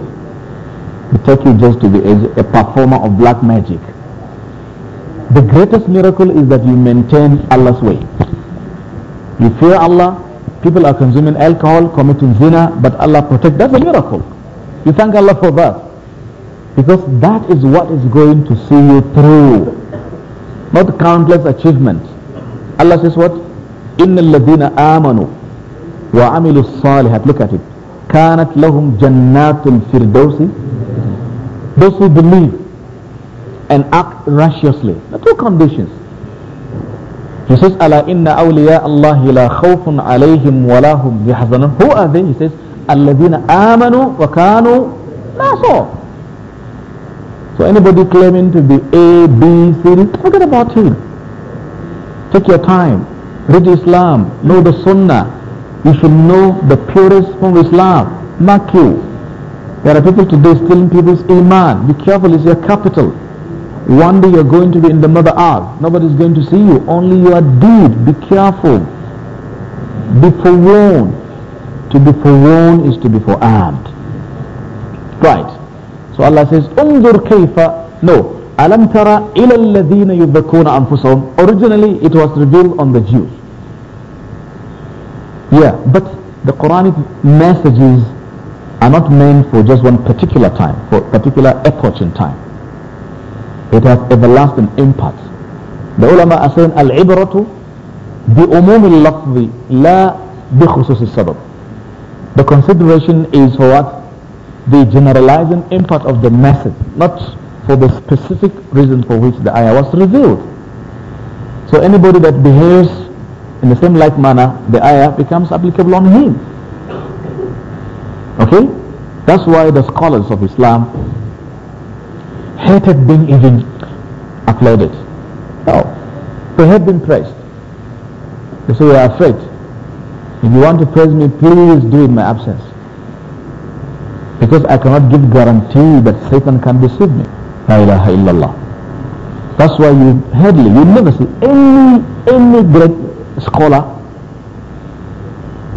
They take you just to the edge, a performer of black magic. The greatest miracle is that you maintain Allah's way. You fear Allah, people are consuming alcohol, committing zina, but Allah protects. That's a miracle. You thank Allah for that. Because that is what is going to see you through. Not countless achievements. Allah says what? إِنَّ الَّذِينَ آمَنُوا وَعَمِلُوا الصَّالِحَاتِ Look at it. كانت لهم جنات الفردوس those who believe and act righteously the two conditions he says ألا إن أولياء الله لا خوف عليهم ولا هم يحزنون who are they he says الذين آمنوا وكانوا ناصر so anybody claiming to be A, B, C, forget about him take your time read Islam know the Sunnah You should know the purest form of Islam. Mark you. There are people today stealing people's iman. Be careful, it's your capital. One day you're going to be in the mother earth. Nobody's going to see you. Only your deed. Be careful. Be forewarned. To be forewarned is to be forearmed. Right. So Allah says, انظر kaifa. No. Alam tara إلى الذين يذكون أنفسهم Originally it was revealed on the Jews. Yeah, but the Quranic messages are not meant for just one particular time, for a particular epoch in time. It has everlasting impact. The ulama are saying, Al-ibratu bi-umum lafzi la bi sabab The consideration is for what? The generalizing impact of the message, not for the specific reason for which the ayah was revealed. So anybody that behaves in the same like manner, the ayah becomes applicable on him. Okay? That's why the scholars of Islam hated being even applauded. No. They have been praised. They say, we are afraid. If you want to praise me, please do it in my absence. Because I cannot give guarantee that Satan can deceive me. La ilaha illallah. That's why you hardly, you never see any, any great scholar.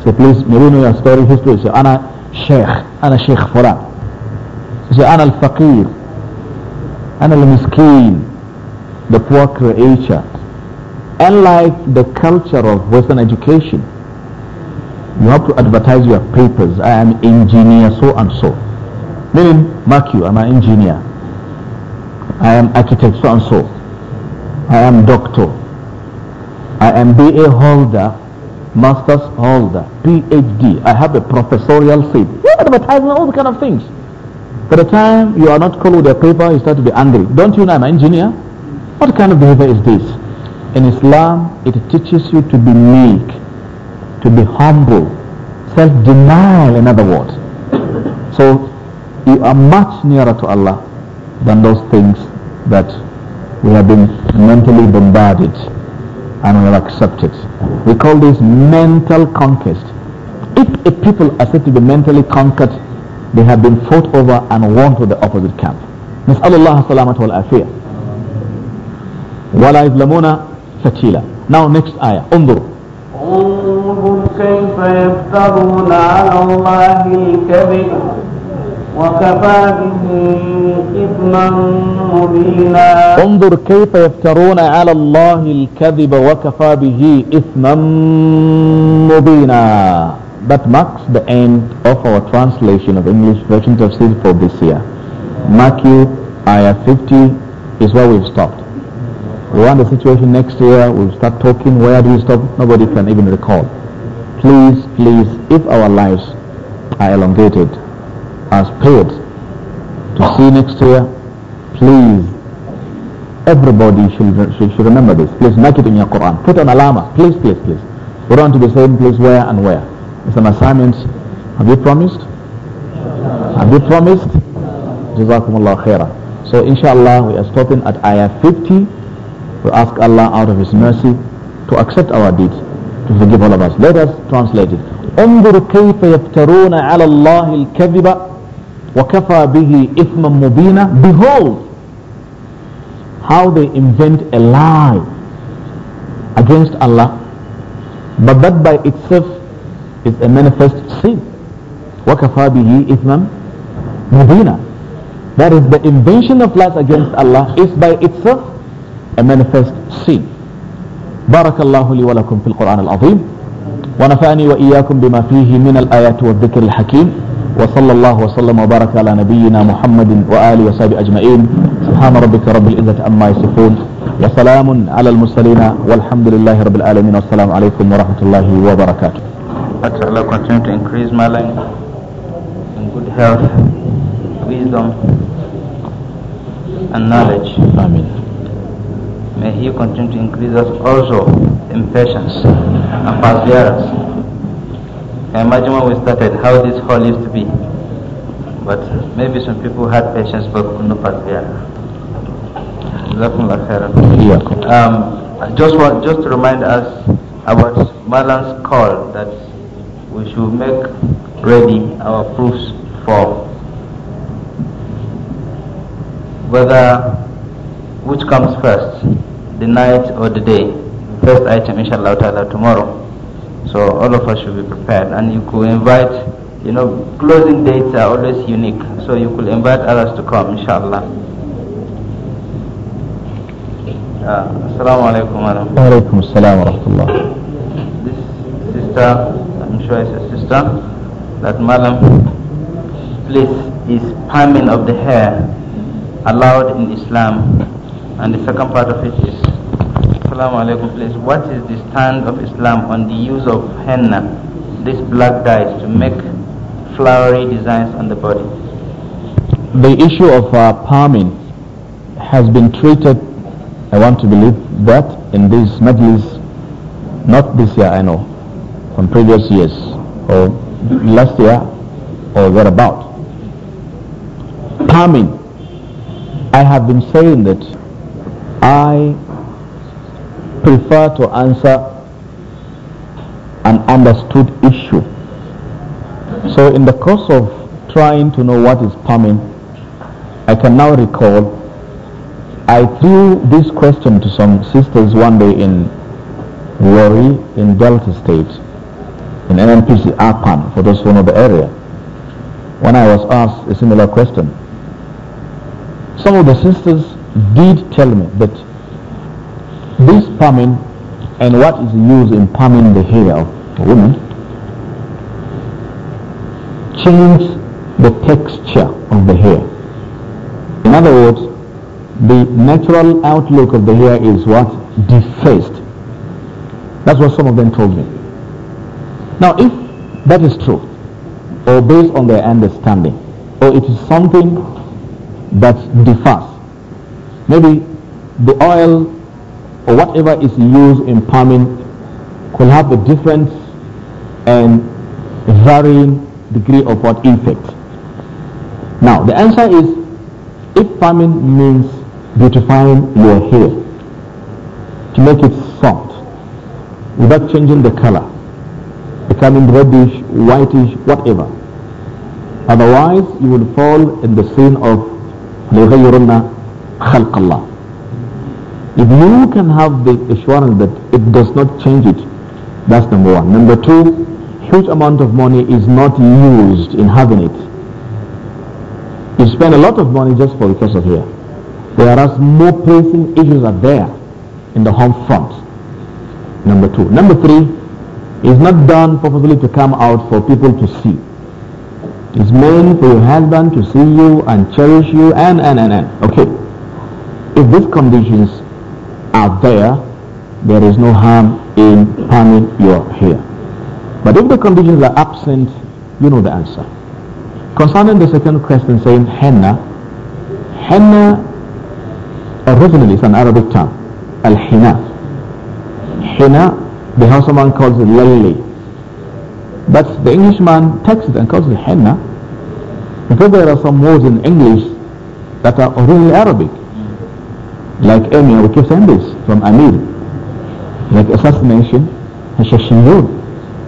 so please, maybe you know your story, history. Say, Ana Sheikh, Ana Sheikh Fulan. Say, Ana al-Faqir, Ana al-Miskin, the poor creature. Unlike the culture of Western education, you have to advertise your papers. I am engineer so and so. Meaning, mark you, I'm an engineer. I am architect so and so. I am doctor. I am BA holder, master's holder, PhD. I have a professorial seat. Yeah, advertising, all the kind of things. By the time you are not called with a paper, you start to be angry. Don't you know I'm an engineer? What kind of behavior is this? In Islam, it teaches you to be meek, to be humble, self-denial in other words. So you are much nearer to Allah than those things that we have been mentally bombarded and will accept it. We call this mental conquest. If a people are said to be mentally conquered, they have been fought over and won to the opposite camp. نسأل الله السلامة Afiyah. ولا يظلمون فتيلا Now next ayah انظر انظر كيف يفترون على الله الكذب وكفى مبينا انظر كيف يفترون على الله الكذب وكفى به إثما مبينا That marks the end of our translation of English version tafsir for this year. Matthew ayah 50 is where we've stopped. We want the situation next year. We'll start talking. Where do we stop? Nobody can even recall. Please, please, if our lives are elongated, as paid to see next year, please, everybody should, should, should remember this. Please make it in your Quran. Put an alarm. Please, please, please. We do want to be same place where and where. It's an assignment. Have you promised? Have you promised? Jazakumullah khairah. So inshallah we are stopping at ayah 50. We ask Allah out of His mercy to accept our deeds, to forgive all of us. Let us translate it. انظر كيف يفترون على الله الكذب وَكَفَى بِهِ إِثْمًا مُبِينًا Behold how they invent a lie against Allah. But that by itself is a manifest sin. وَكَفَى بِهِ إِثْمًا مُبِينًا That is the invention of lies against Allah is by itself a manifest sin. بارك الله لي ولكم في القرآن العظيم ونفعني وإياكم بما فيه من الآيات والذكر الحكيم وصلى الله وسلم وبارك على نبينا محمد وآله وصحبه أجمعين سبحان ربك رب العزة عما يصفون وسلام على المرسلين والحمد لله رب العالمين والسلام عليكم ورحمة الله وبركاته Allah continue to increase my life in good health, wisdom, and knowledge. Amen. May He continue to increase us also in patience and perseverance. I imagine when we started how this hall used to be. But maybe some people had patience but could not persevere. Um, just want, just to remind us about Malan's call that we should make ready our proofs for whether which comes first, the night or the day. The first item, inshallah, tomorrow. So all of us should be prepared. And you could invite, you know, closing dates are always unique. So you could invite others to come, inshallah. Uh, assalamu alaikum alaikum assalam wa rahmatullah. This sister, I'm sure it's a sister, that madam, please, is palming of the hair allowed in Islam? And the second part of it is Assalamu alaikum, please. What is the stand of Islam on the use of henna, this black dye, to make flowery designs on the body? The issue of uh, palming has been treated, I want to believe, that in this majlis, not this year I know, from previous years, or last year, or what about Palming, I have been saying that I prefer to answer an understood issue. So in the course of trying to know what is palming, I can now recall I threw this question to some sisters one day in Wari in Delta State in NNPC Apan for those who know the area. When I was asked a similar question, some of the sisters did tell me that this palming and what is used in palming the hair of women change the texture of the hair. In other words, the natural outlook of the hair is what? Defaced. That's what some of them told me. Now if that is true, or based on their understanding, or it is something that differs, maybe the oil or whatever is used in farming could have a different and varying degree of what effect. Now the answer is if farming means beautifying your hair to make it soft without changing the color, becoming reddish, whitish, whatever. Otherwise you will fall in the sin of ليغيرن خلق الله if you can have the assurance that it does not change it, that's number one. Number two, huge amount of money is not used in having it. You spend a lot of money just for the case of here. Whereas more pressing issues are there in the home front. Number two. Number three, it's not done purposely to come out for people to see. It's meant for your husband to see you and cherish you and and and and. Okay. If these conditions out there, there is no harm in perming your hair. But if the conditions are absent, you know the answer. Concerning the second question saying henna, henna originally is an Arabic term, al-hina. Henna, the Hausa man calls it lily. But the Englishman takes it and calls it henna because there are some words in English that are originally Arabic like Emir Rukif Sanders from Amir, like assassination, Hashashin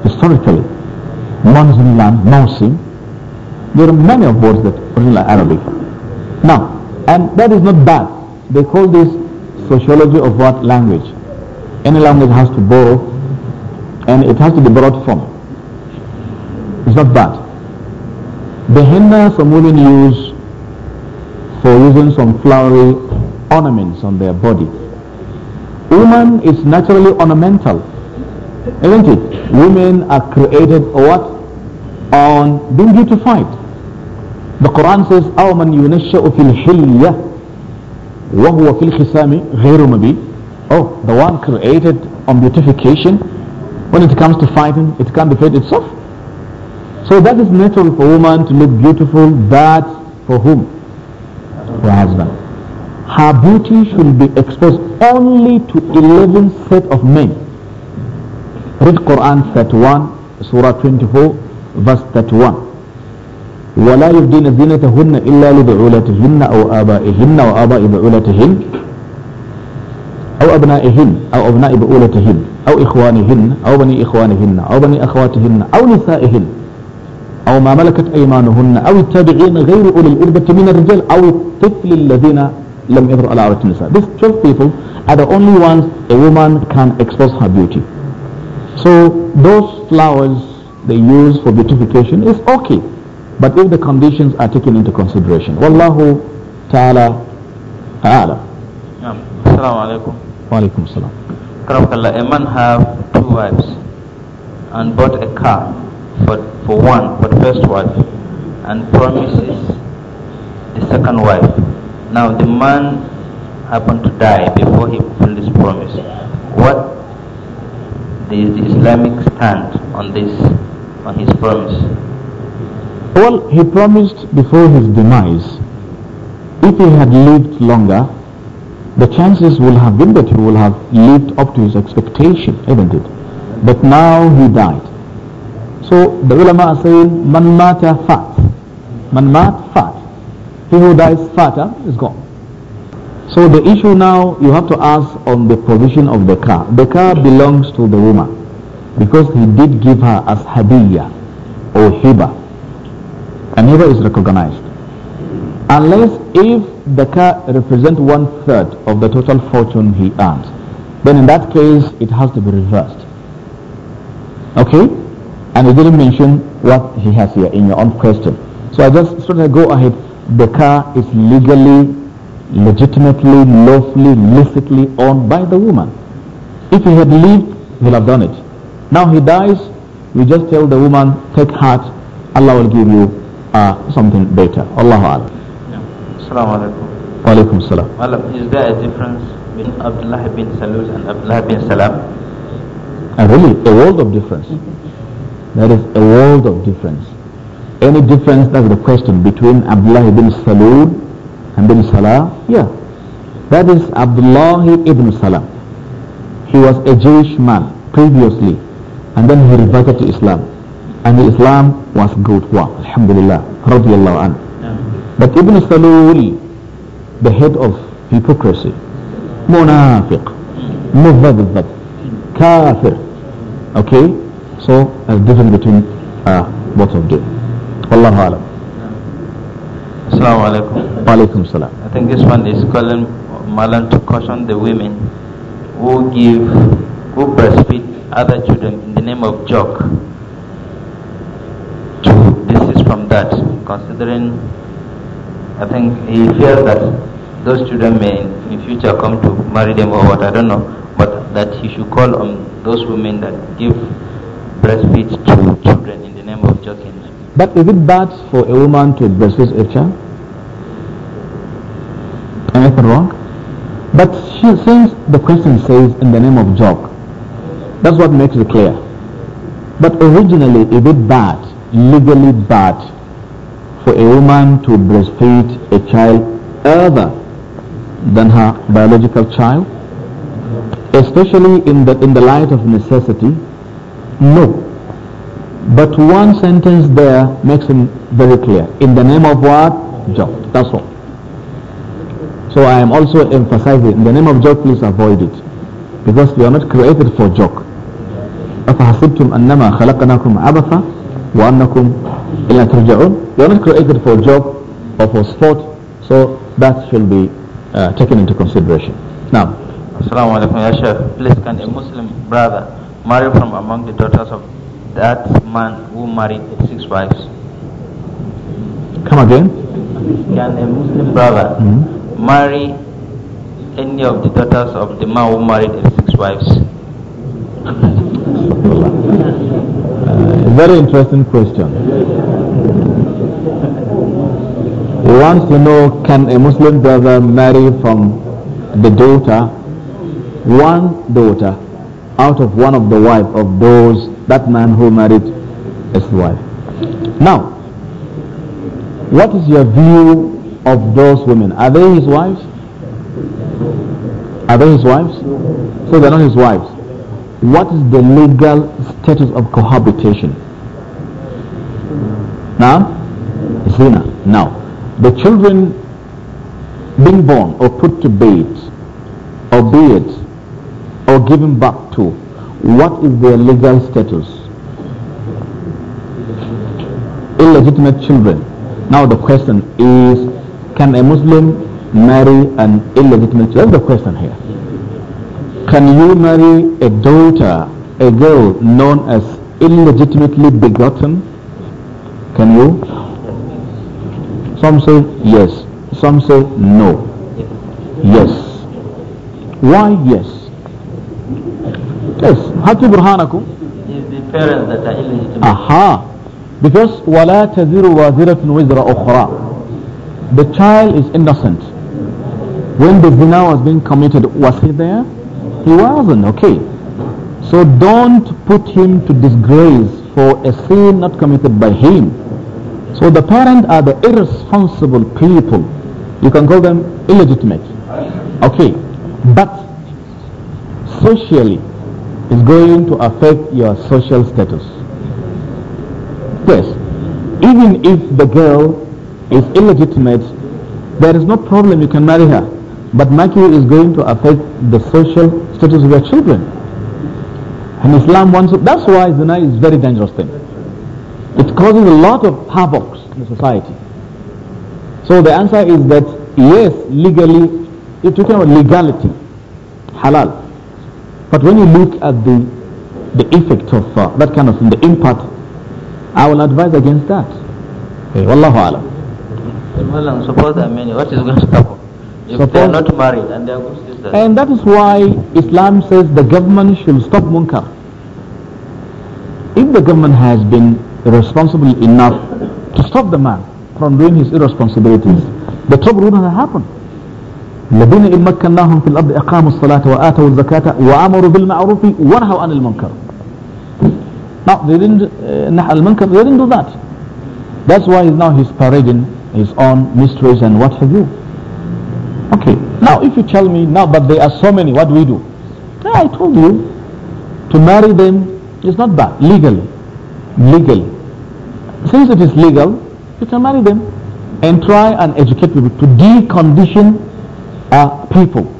historically, Monzimlan, Mosim. There are many of words that originally Arabic. Now, and that is not bad. They call this sociology of what language. Any language has to borrow and it has to be borrowed from. It's not bad. The henna some women use for using some flowery ornaments on their body. Woman is naturally ornamental, isn't it? Women are created what? On being beautified. The Quran says, أَوْ مَنْ يُنَشَّأُ فِي الْحِلْيَةِ وَهُوَ فِي الْخِسَامِ غَيْرُ Oh, the one created on beautification, when it comes to fighting, it can't defend itself. So that is natural for woman to look beautiful, but for whom? For husband. her beauty should be exposed only to 11 set of men. Read Quran 31, Surah 24, verse 31. ولا يبدين زينتهن إلا لبعولتهن أو آبائهن أو آباء بعولتهن أو أبنائهن أو أبناء بعولتهن أو إخوانهن أو بني إخوانهن أو بني أخواتهن أو نسائهن أو ما ملكت أيمانهن أو التابعين غير أولي الإربة من الرجال أو الطفل الذين Let لم allow it عورة this. these 12 people are the only ones a woman can expose her beauty so those flowers they use for beautification is okay but if the conditions are taken into consideration wallahu ta'ala ta'ala assalamu alaikum wa alaikum a man have two wives and bought a car for, for one for the first wife and promises the second wife now the man happened to die before he fulfilled his promise. What is the Islamic stand on this, on his promise? Well, he promised before his demise. If he had lived longer, the chances will have been that he will have lived up to his expectation, isn't it? But now he died. So the ulama are saying, man mata fat. Man mat fat. He who dies fatter is gone. So the issue now you have to ask on the position of the car. The car belongs to the woman because he did give her as hadiya or hiba. And hiba is recognized. Unless if the car represents one third of the total fortune he earns, then in that case it has to be reversed. Okay? And he didn't mention what he has here in your own question. So I just sort of go ahead the car is legally, legitimately, lawfully, licitly owned by the woman. If he had lived, he'll have done it. Now he dies, we just tell the woman, take heart, Allah will give you uh, something better. Allahu Akbar. Assalamu alaikum. Salam. Is there a difference between Abdullah bin Salul and Abdullah bin Salam? Uh, really, a world of difference. That is a world of difference. Any difference, that's the question, between Abdullah ibn Salul and ibn Salah? Yeah. That is Abdullah ibn Salah. He was a Jewish man previously and then he reverted to Islam. And Islam was good. work. Alhamdulillah. Radiallahu anhu. But Ibn Salul, the head of hypocrisy, munafiq, mudhadhab, kafir. Okay? So, a difference between uh, both of them. Wallahu alam. Assalamu alaikum. Walaikum salam. I think this one is calling Malan to caution the women who give, who breastfeed other children in the name of joke to desist from that, considering I think he fears that those children may in future come to marry them or what, I don't know, but that he should call on those women that give breastfeed to children in the name of joking. But is it bad for a woman to breastfeed a child? Anything wrong? But she, since the question says in the name of Job, that's what makes it clear. But originally, is it bad, legally bad, for a woman to breastfeed a child other than her biological child? Especially in the, in the light of necessity? No. But one sentence there makes him very clear. In the name of what? Job. That's all. So I am also emphasizing, in the name of job, please avoid it. Because we are not created for joke. أفحسبتم أنما خلقناكم عبثا وأنكم إلى ترجعون We are not created for joke or for sport. So that should be uh, taken into consideration. Now. Assalamu alaikum, Please can a Muslim brother marry from among the daughters of that man who married six wives. Come again? Can a Muslim brother mm-hmm. marry any of the daughters of the man who married six wives? uh, very interesting question. He wants to know can a Muslim brother marry from the daughter, one daughter out of one of the wives of those that man who married his wife. Now, what is your view of those women? Are they his wives? Are they his wives? So they're not his wives. What is the legal status of cohabitation? Now, zina. Now, the children being born or put to bed or be it or given back to what is their legal status? Illegitimate children. Now the question is, can a Muslim marry an illegitimate child? That's the question here. Can you marry a daughter, a girl known as illegitimately begotten? Can you? Some say yes, some say no. Yes. Why yes? Yes, هاتوا برهانكم. The parents that are illegitimate. Aha. Because ولا تزر وازرة وزر أخرى. The child is innocent. When the zina was being committed, was he there? He wasn't. Okay. So don't put him to disgrace for a sin not committed by him. So the parents are the irresponsible people. You can call them illegitimate. Okay. But socially, is going to affect your social status. Yes, even if the girl is illegitimate, there is no problem, you can marry her. But marriage is going to affect the social status of your children. And Islam wants it. That's why zina is a very dangerous thing. It causes a lot of havoc in society. So the answer is that yes, legally, if you talking about legality, halal, but when you look at the, the effect of uh, that kind of thing, the impact, I will advise against that. Wallahu alam. Well, suppose I mean, what is going to happen? If suppose, they are not married and they are good sisters. And that is why Islam says the government should stop munkar. If the government has been responsible enough to stop the man from doing his irresponsibilities, the trouble wouldn't have happened. الذين إن مكناهم في الأرض أقاموا الصلاة وآتوا الزكاة وأمروا بالمعروف ونهوا عن المنكر Now they didn't uh, al-munkar, they didn't do that. That's why now he's parading his own mysteries and what have you. Okay, now if you tell me now, but there are so many, what do we do? Yeah, I told you, to marry them is not bad, legally. Legally. Since it is legal, you can marry them and try and educate people to decondition uh, people.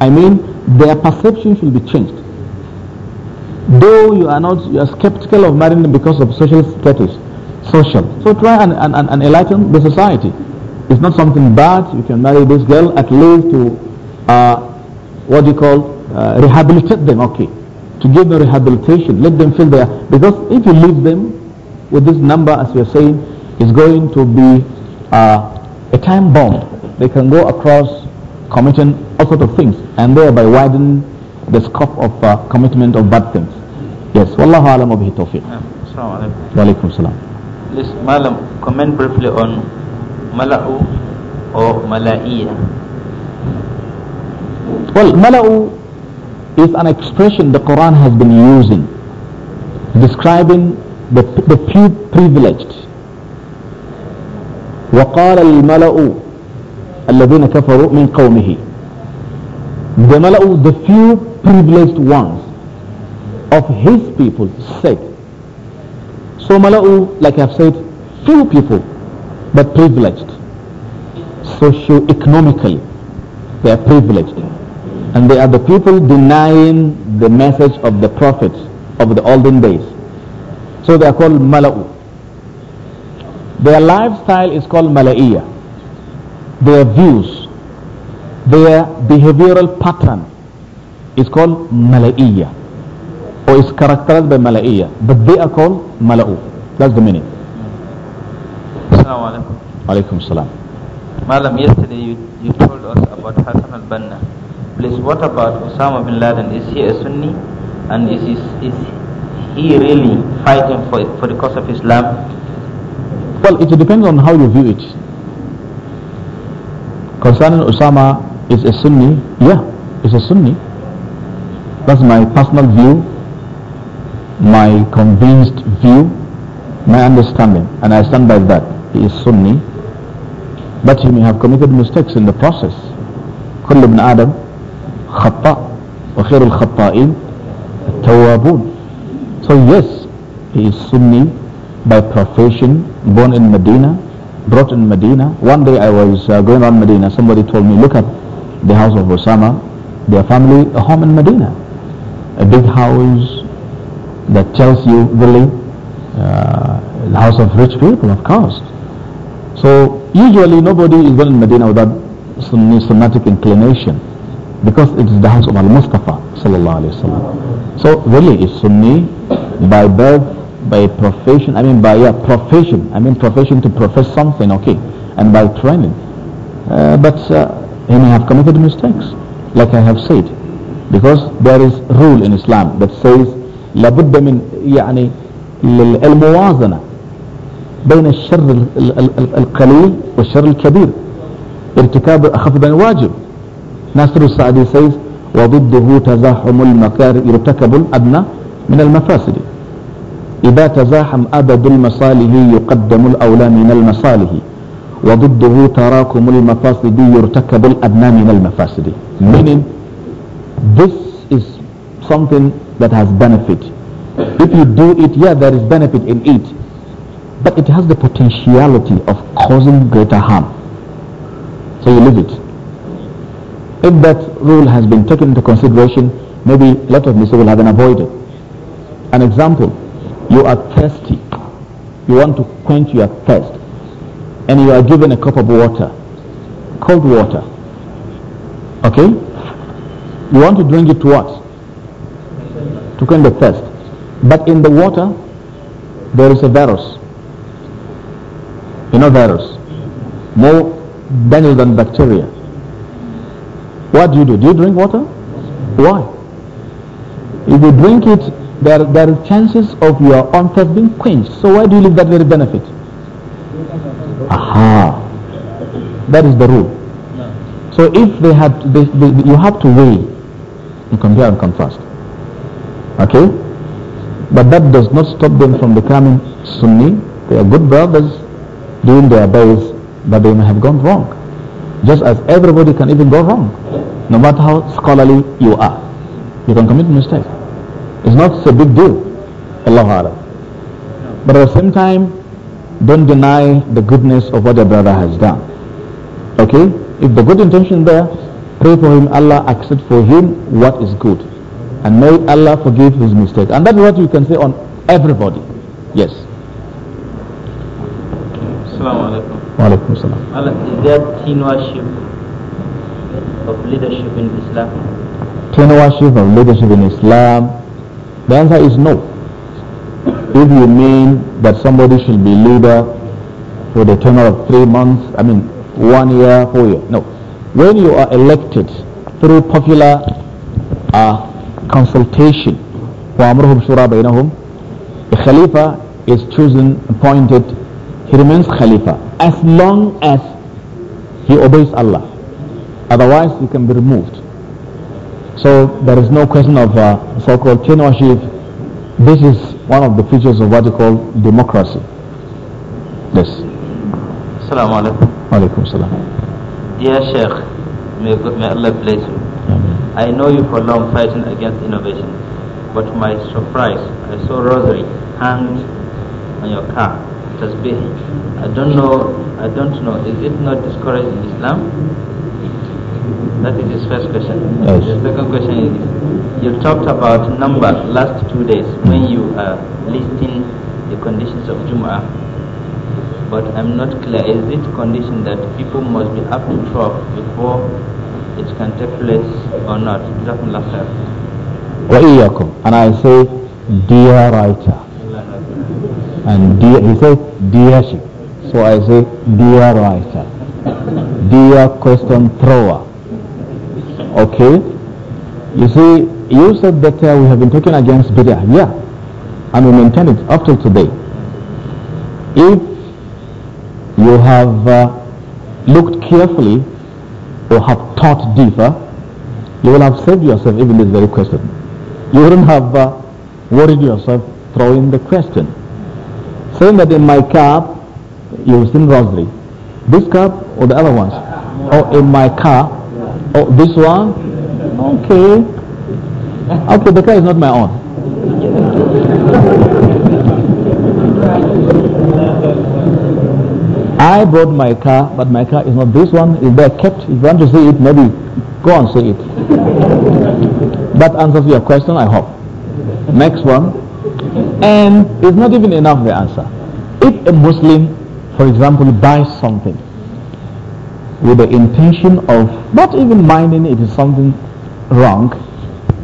I mean, their perception should be changed. Though you are not, you are skeptical of marrying because of social status, social. So try and, and, and enlighten the society. It's not something bad. You can marry this girl at least to, uh, what do you call, uh, rehabilitate them, okay. To give them rehabilitation, let them feel there. Because if you leave them with this number, as we are saying, it's going to be uh, a time bomb. They can go across committing all sorts of things and thereby widen the scope of uh, commitment of bad things. Yes, Wallahu alam wa bihi tawfiq. Wa alaikum salam. Please, Malam, comment briefly on mala'u or mala'iyya. Well, mala'u is an expression the Quran has been using describing the, the few privileged. وقال الملأ الذين كفروا من قومه the mala'u the few privileged ones of his people said so mala'u like I've said few people but privileged socio-economically they are privileged and they are the people denying the message of the prophets of the olden days so they are called mala'u their lifestyle is called mala'iyah their views, their behavioral pattern is called mala'iyya or is characterized by mala'iyya. But they are called mala'u. That's the meaning. Assalamu alaikum. Alaykum salam. Malam, yesterday you, you told us about Hassan al-Banna. Please, what about Osama bin Laden? Is he a Sunni? And is, is, is he really fighting for, for the cause of Islam? Well, it depends on how you view it concerning Osama is a Sunni, yeah, it's a Sunni. That's my personal view, my convinced view, my understanding, and I stand by that. He is Sunni, but he may have committed mistakes in the process. كل ابن آدم خَطَأ وخير الخطائين التوابون. So yes, he is Sunni by profession, born in Medina, brought in Medina. One day I was uh, going around Medina. Somebody told me, look at the house of Osama, their family, a home in Medina. A big house that tells you really uh, the house of rich people, of course. So usually nobody is going in Medina without some Sunnitic inclination because it is the house of Al-Mustafa sallallahu So really it's Sunni by birth by profession, I mean by yeah, profession, I mean profession to profess something, okay, and by training. Uh, but uh, he may have committed mistakes, like I have said, because there is rule in Islam that says لابد من يعني الموازنة بين الشر القليل والشر الكبير ارتكاب أخف واجب ناصر السعدي says وضده تزاحم المكارم يرتكب الأدنى من المفاسد إذا تزاحم أبد المصالح يقدم الأولى من المصالح وضده تراكم المفاسد يرتكب الأدنى من المفاسد meaning this is something that has benefit if you do it yeah there is benefit in it but it has the potentiality of causing greater harm so you leave it if that rule has been taken into consideration maybe a lot of misery will have been avoided an example You are thirsty. You want to quench your thirst. And you are given a cup of water, cold water. Okay? You want to drink it to what? To quench the thirst. But in the water, there is a virus. You know virus? More dangerous than bacteria. What do you do? Do you drink water? Why? If you drink it, there, there are chances of your own being quenched. So why do you leave that very benefit? Aha. That is the rule. So if they had, they, they, you have to weigh and compare and contrast. Okay? But that does not stop them from becoming Sunni. They are good brothers doing their best, but they may have gone wrong. Just as everybody can even go wrong, no matter how scholarly you are. You can commit mistakes. It's not a big deal. Allah Alam. But at the same time, don't deny the goodness of what your brother has done. Okay? If the good intention there, pray for him, Allah accept for him what is good. And may Allah forgive his mistake. And that's what you can say on everybody. Yes. Assalamu alaikum. salam. Allah, is there tenorship of leadership in Islam? Tenorship of leadership in Islam the answer is no. If you mean that somebody should be leader for the tenure of three months, I mean one year, four years, no. When you are elected through popular uh, consultation, وَأَمْرُهُمْ surah بَيْنَهُمْ The Khalifa is chosen, appointed, he remains Khalifa as long as he obeys Allah. Otherwise, he can be removed. So there is no question of uh, so-called tenorship. This is one of the features of what you call democracy. Yes. Assalamu alaikum. Alaikum salam. Dear Sheikh, may, may Allah bless you. Amen. I know you for long fighting against innovation, but to my surprise, I saw rosary hanged on your car. It been. I don't know. I don't know. Is it not discouraged in Islam? That is his first question. Yes. The second question is, you talked about numbers last two days when mm. you are listing the conditions of Jum'ah. But I'm not clear, is it condition that people must be up to 12 before it can take place or not? وإياكم and I say dear writer and dear he said dear so I say dear writer dear question thrower Okay? You see, you said that uh, we have been talking against bid'ah. Yeah. And we maintain it up till today. If you have uh, looked carefully or have thought deeper, you will have saved yourself even this very question. You wouldn't have uh, worried yourself throwing the question. Saying that in my car you've seen rosary. This car or the other ones? Or oh, in my car, Oh, this one? Okay. Okay, the car is not my own. I bought my car, but my car is not this one. Is there kept? If you want to see it, maybe go and see it. that answers your question, I hope. Next one. And it's not even enough the answer. If a Muslim, for example, buys something, with the intention of not even minding it is something wrong,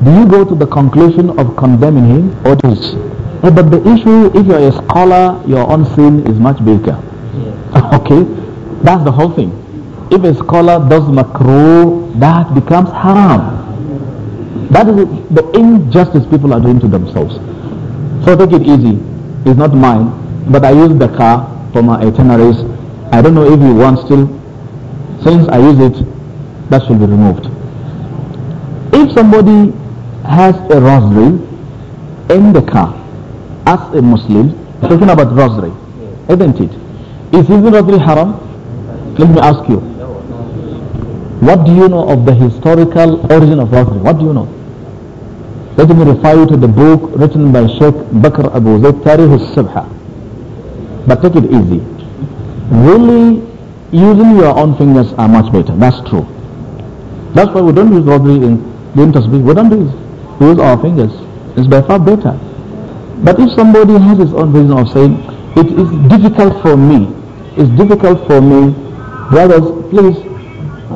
do you go to the conclusion of condemning him or this? Eh, but the issue, if you're a scholar, your own sin is much bigger. okay? That's the whole thing. If a scholar does makruh, that becomes haram. That is the injustice people are doing to themselves. So take it easy. It's not mine. But I use the car for my itineraries. I don't know if you want still since I use it, that should be removed. If somebody has a rosary in the car, as a Muslim, talking about rosary, isn't it? Is using rosary haram? Let me ask you. What do you know of the historical origin of rosary? What do you know? Let me refer you to the book written by Sheikh Bakr Abu Zayd, Tarih al But take it easy. Really, using your own fingers are much better. That's true. That's why we don't use robbery in the tasbih. We don't do it. We use our fingers. It's by far better. But if somebody has his own reason of saying, it is difficult for me, it's difficult for me, brothers, please,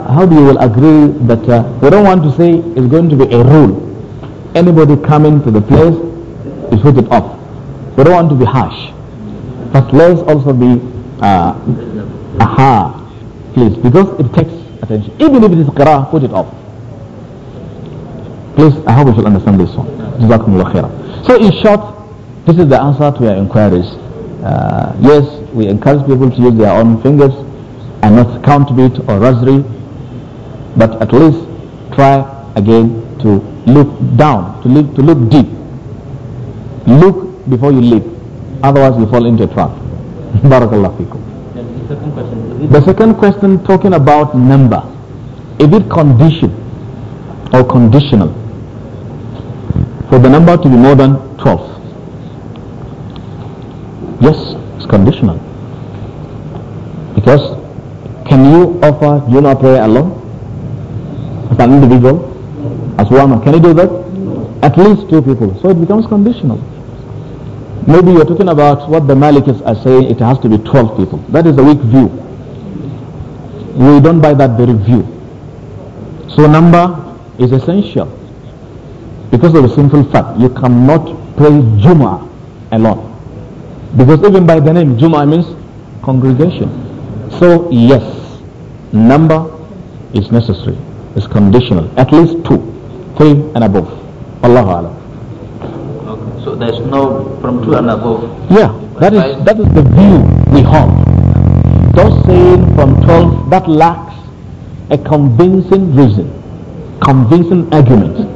how do you will agree that uh, we don't want to say it's going to be a rule. Anybody coming to the place is it up. We don't want to be harsh. But let's also be uh, Aha. Please, because it takes attention. Even if it is qira'ah, put it off. Please, I hope you should understand this one. Jazakumullah khairan. So in short, this is the answer to your inquiries. Uh, yes, we encourage people to use their own fingers and not count counterbeat or rosary, but at least try again to look down, to look, to look deep. Look before you leap. Otherwise, you fall into a trap. Barakallah fikum the second question talking about number. Is it condition or conditional for the number to be more than 12? Yes, it's conditional. Because can you offer Juna prayer alone? As an individual? As one? Can you do that? At least two people. So it becomes conditional. Maybe you're talking about what the Malikis are saying, it has to be 12 people. That is a weak view we don't buy that very view. So number is essential because of the simple fact you cannot pray Juma alone. Because even by the name Juma means congregation. So yes, number is necessary, is conditional, at least two, three and above. Allah Alam. Okay. So there's no from two and above. Yeah, that is that is the view we hold thus saying from 12 that lacks a convincing reason, convincing argument.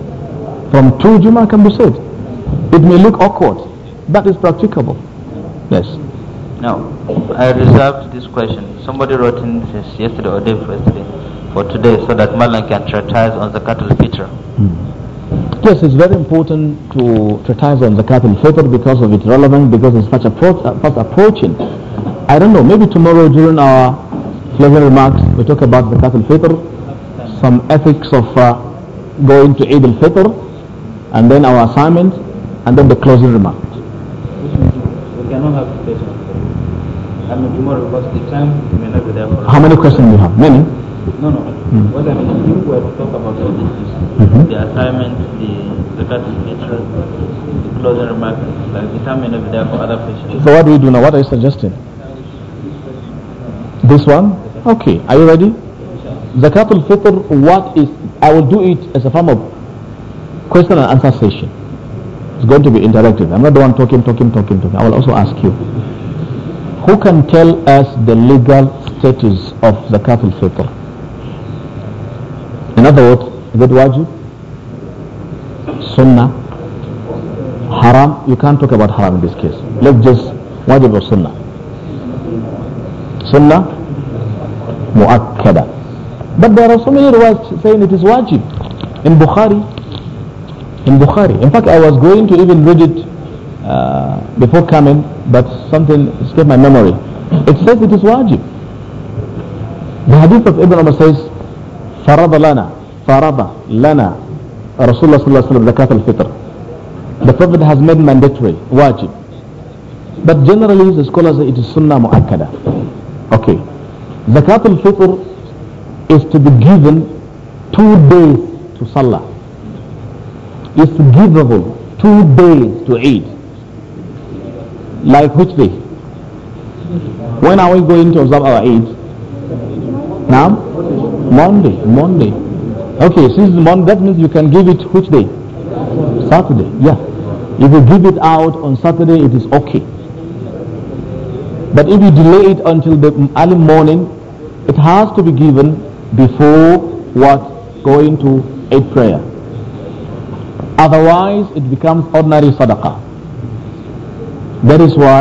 From two Juma can be said. It may look awkward, but it's practicable. Yes. Now, I reserved this question. Somebody wrote in since yesterday or day before yesterday for today so that Malan can treatise on the cattle feature. Mm. Yes, it's very important to treatise on the cattle feature because of its relevance, because it's fast, approach, uh, fast approaching I don't know, maybe tomorrow during our closing remarks, we talk about the al-Fitr, some ethics of uh, going to Eid al-Fitr, and then our assignment, and then the closing remarks. We cannot have questions. I mean, tomorrow, because the time may not be there for How many questions do you have? Many? No, no. Mm. What I mean, you were talk about all these issues, the assignment, the zakat al-Fitr, the closing remarks, like the time may not be there for other questions. So what do we do now? What are you suggesting? This one? Okay. Are you ready? Zakatul Fitr, what is, I will do it as a form of question and answer session. It's going to be interactive. I'm not the one talking, talking, talking, talking. I will also ask you. Who can tell us the legal status of Zakatul Fitr? In other words, is it wajib? Sunnah? Haram? You can't talk about haram in this case. Let's just wajib or sunnah. Sunnah? mu'akkada. But there are so many riwayat saying it is wajib. In Bukhari, in Bukhari. In fact, I was going to even read it uh, before coming, but something escaped my memory. It says it is wajib. The hadith of Ibn Umar says, "Faraba lana, faraba lana, Rasulullah sallallahu alaihi wasallam." The Prophet has made mandatory, wajib. But generally, the scholars say it is sunnah mu'akkada. Okay. Zakat al-Fitr is to be given two days to Salah. It's givable two days to Eid. Like which day? When are we going to observe our Eid? Now? Monday. Monday. Okay, since Monday, that means you can give it which day? Saturday. Yeah. If you give it out on Saturday, it is okay. But if you delay it until the early morning, it has to be given before what? Going to a prayer. Otherwise, it becomes ordinary sadaqah. That is why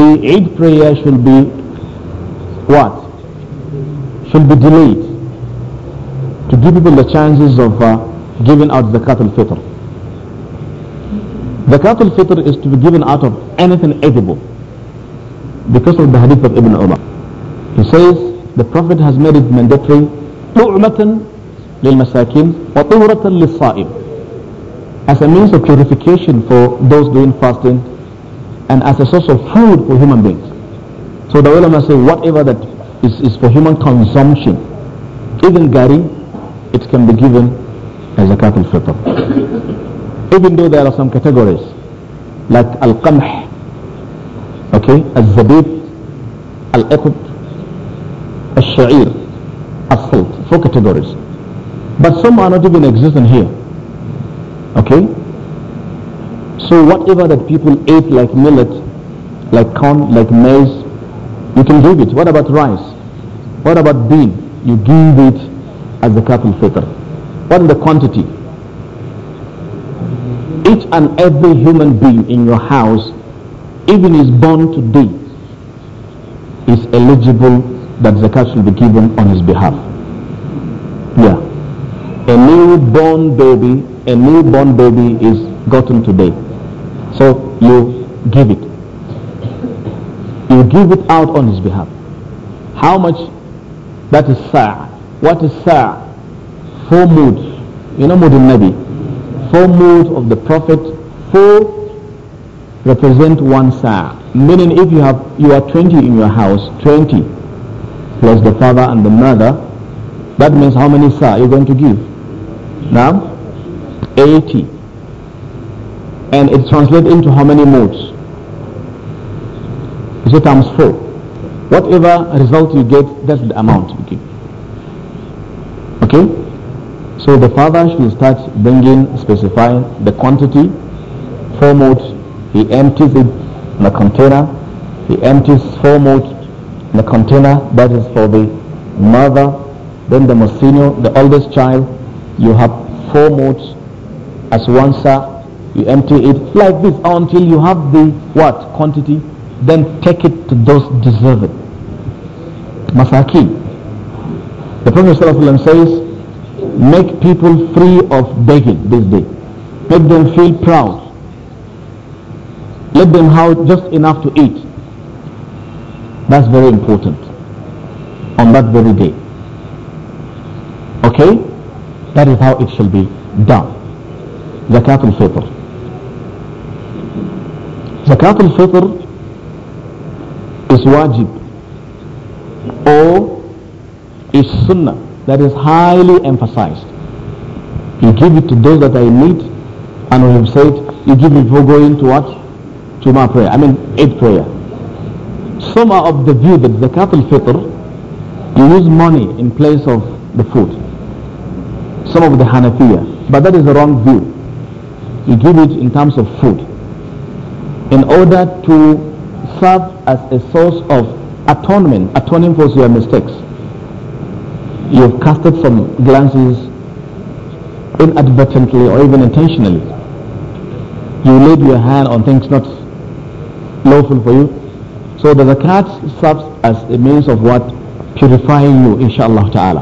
the eight prayer should be what? Should be delayed to give people the chances of uh, giving out zakat al-fitr. Zakat al-fitr is to be given out of anything edible because of the hadith of Ibn Umar. He says the Prophet has made it mandatory طعمة للمساكين للصائم as a means of purification for those doing fasting and as a source of food for human beings. So the ulama say whatever that is, is for human consumption, even gari, it can be given as a capital filter. even though there are some categories like al-qamh, okay, al-zabib, al-iqb, الشعير الصوت four categories but some are not even existent here okay so whatever that people ate like millet like corn like maize you can give it what about rice what about bean you give it as the capital fitr what is the quantity each and every human being in your house even is born today is eligible that zakat should be given on his behalf. Yeah. A newborn baby, a newborn baby is gotten today. So you give it. You give it out on his behalf. How much? That is sa'. What is sa'? Four moods. You know mood in Nabi. Four moods of the Prophet. Four represent one sa'. Meaning if you have, you are 20 in your house, 20 plus the father and the mother, that means how many sa you're going to give? Now, 80. And it translates into how many modes? You it times 4. Whatever result you get, that's the amount you give. Okay? So the father should start bringing, specifying the quantity, four modes, he empties it in a container, he empties four modes the container that is for the mother then the most senior the oldest child you have four modes as one sir, you empty it like this until you have the what quantity then take it to those deserving masaki the prophet says make people free of begging this day make them feel proud let them have just enough to eat that's very important on that very day. Okay? That is how it shall be done. Zakat al-Fitr. Zakat al-Fitr is wajib or is sunnah that is highly emphasized. You give it to those that I need and we have said you give it for going to what? To my prayer. I mean, eight prayer. Some are of the view that zakat al-fitr, you use money in place of the food. Some of the Hanafiya. But that is the wrong view. You give it in terms of food. In order to serve as a source of atonement, atoning for your mistakes. You've casted some glances inadvertently or even intentionally. You laid your hand on things not lawful for you so the zakat serves as a means of what? Purifying you, inshallah ta'ala.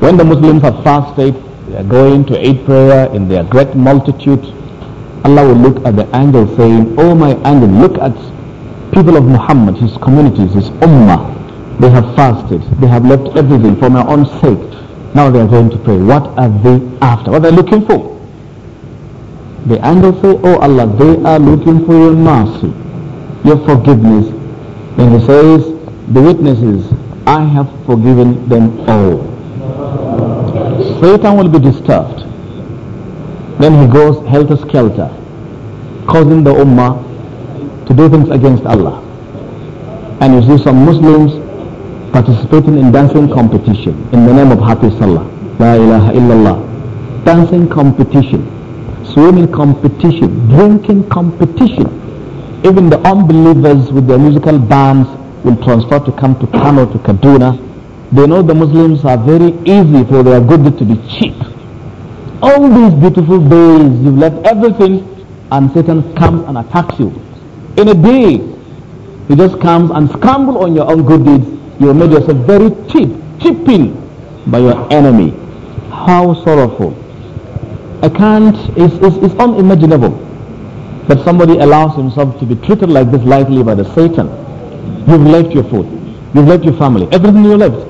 When the Muslims have fasted, they are going to aid prayer in their great multitude. Allah will look at the angel saying, Oh my angel, look at people of Muhammad, his communities, his ummah. They have fasted. They have left everything for my own sake. Now they are going to pray. What are they after? What are they looking for? The angel say, Oh Allah, they are looking for your mercy your forgiveness. and he says, the witnesses, I have forgiven them all. Satan will be disturbed. Then he goes helter-skelter, causing the ummah to do things against Allah. And you see some Muslims participating in dancing competition in the name of Happy Salah. La ilaha illallah. Dancing competition, swimming competition, drinking competition even the unbelievers with their musical bands will transfer to come to Kano, to Kaduna. They know the Muslims are very easy for their good to be cheap. All these beautiful days, you've left everything and Satan comes and attacks you. In a day, he just comes and scrambles on your own good deeds. You made yourself very cheap, cheaping by your enemy. How sorrowful. I can't, it's, it's, it's unimaginable that somebody allows himself to be treated like this lightly by the Satan. You've left your food. You've left your family. Everything you left.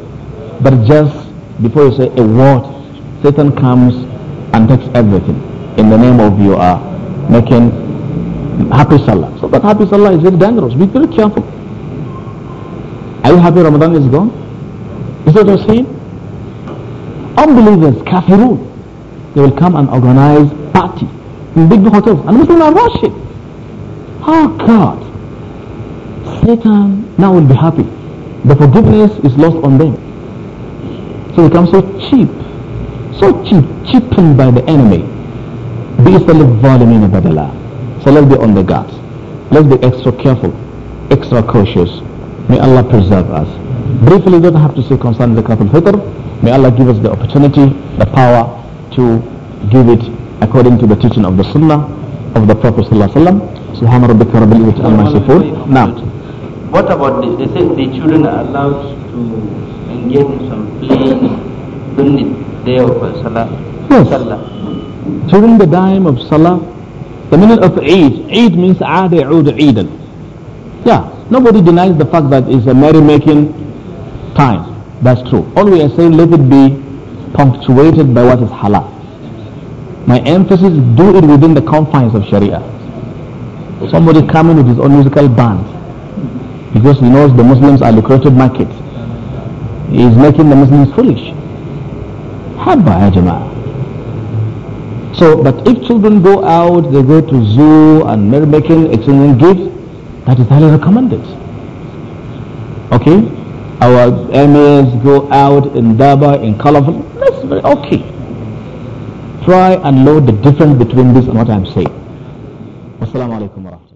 But just before you say a word, Satan comes and takes everything in the name of you are making happy Salah. So that happy Salah is very dangerous. Be very careful. Are you happy Ramadan is gone? Is that what you're saying? Unbelievers, kafirun, they will come and organize party Big hotels and أنا مش are worship. How ah, God Satan now will be happy the forgiveness is lost on them so they become so cheap so cheap cheapened by the enemy بيسل الظالمين بدلا so let's be on the guard let's be extra careful extra cautious may Allah preserve us briefly don't have to say concerning the Qatul Fitr may Allah give us the opportunity the power to give it according to the teaching of the Sunnah of the Prophet Sallallahu Subhana rabbika rabbil izzati amma yasifun. Now, what about this? They say the children are allowed to engage in some playing during the day of Salah. Yes. Salah. During the time of Salah, the meaning of Eid, Eid means Aada Eid Eidan. Yeah, nobody denies the fact that it's a merrymaking time. That's true. All we are saying, let it be punctuated by what is halal. My emphasis is do it within the confines of Sharia. Somebody coming with his own musical band because he knows the Muslims are lucrative market. He's is making the Muslims foolish. Habba ya So, but if children go out, they go to zoo and merrymaking, exchanging gifts, that is highly recommended. Okay? Our emirs go out in Daba in colorful. That's very okay try and know the difference between this and what I'm saying. Wassalamu alaikum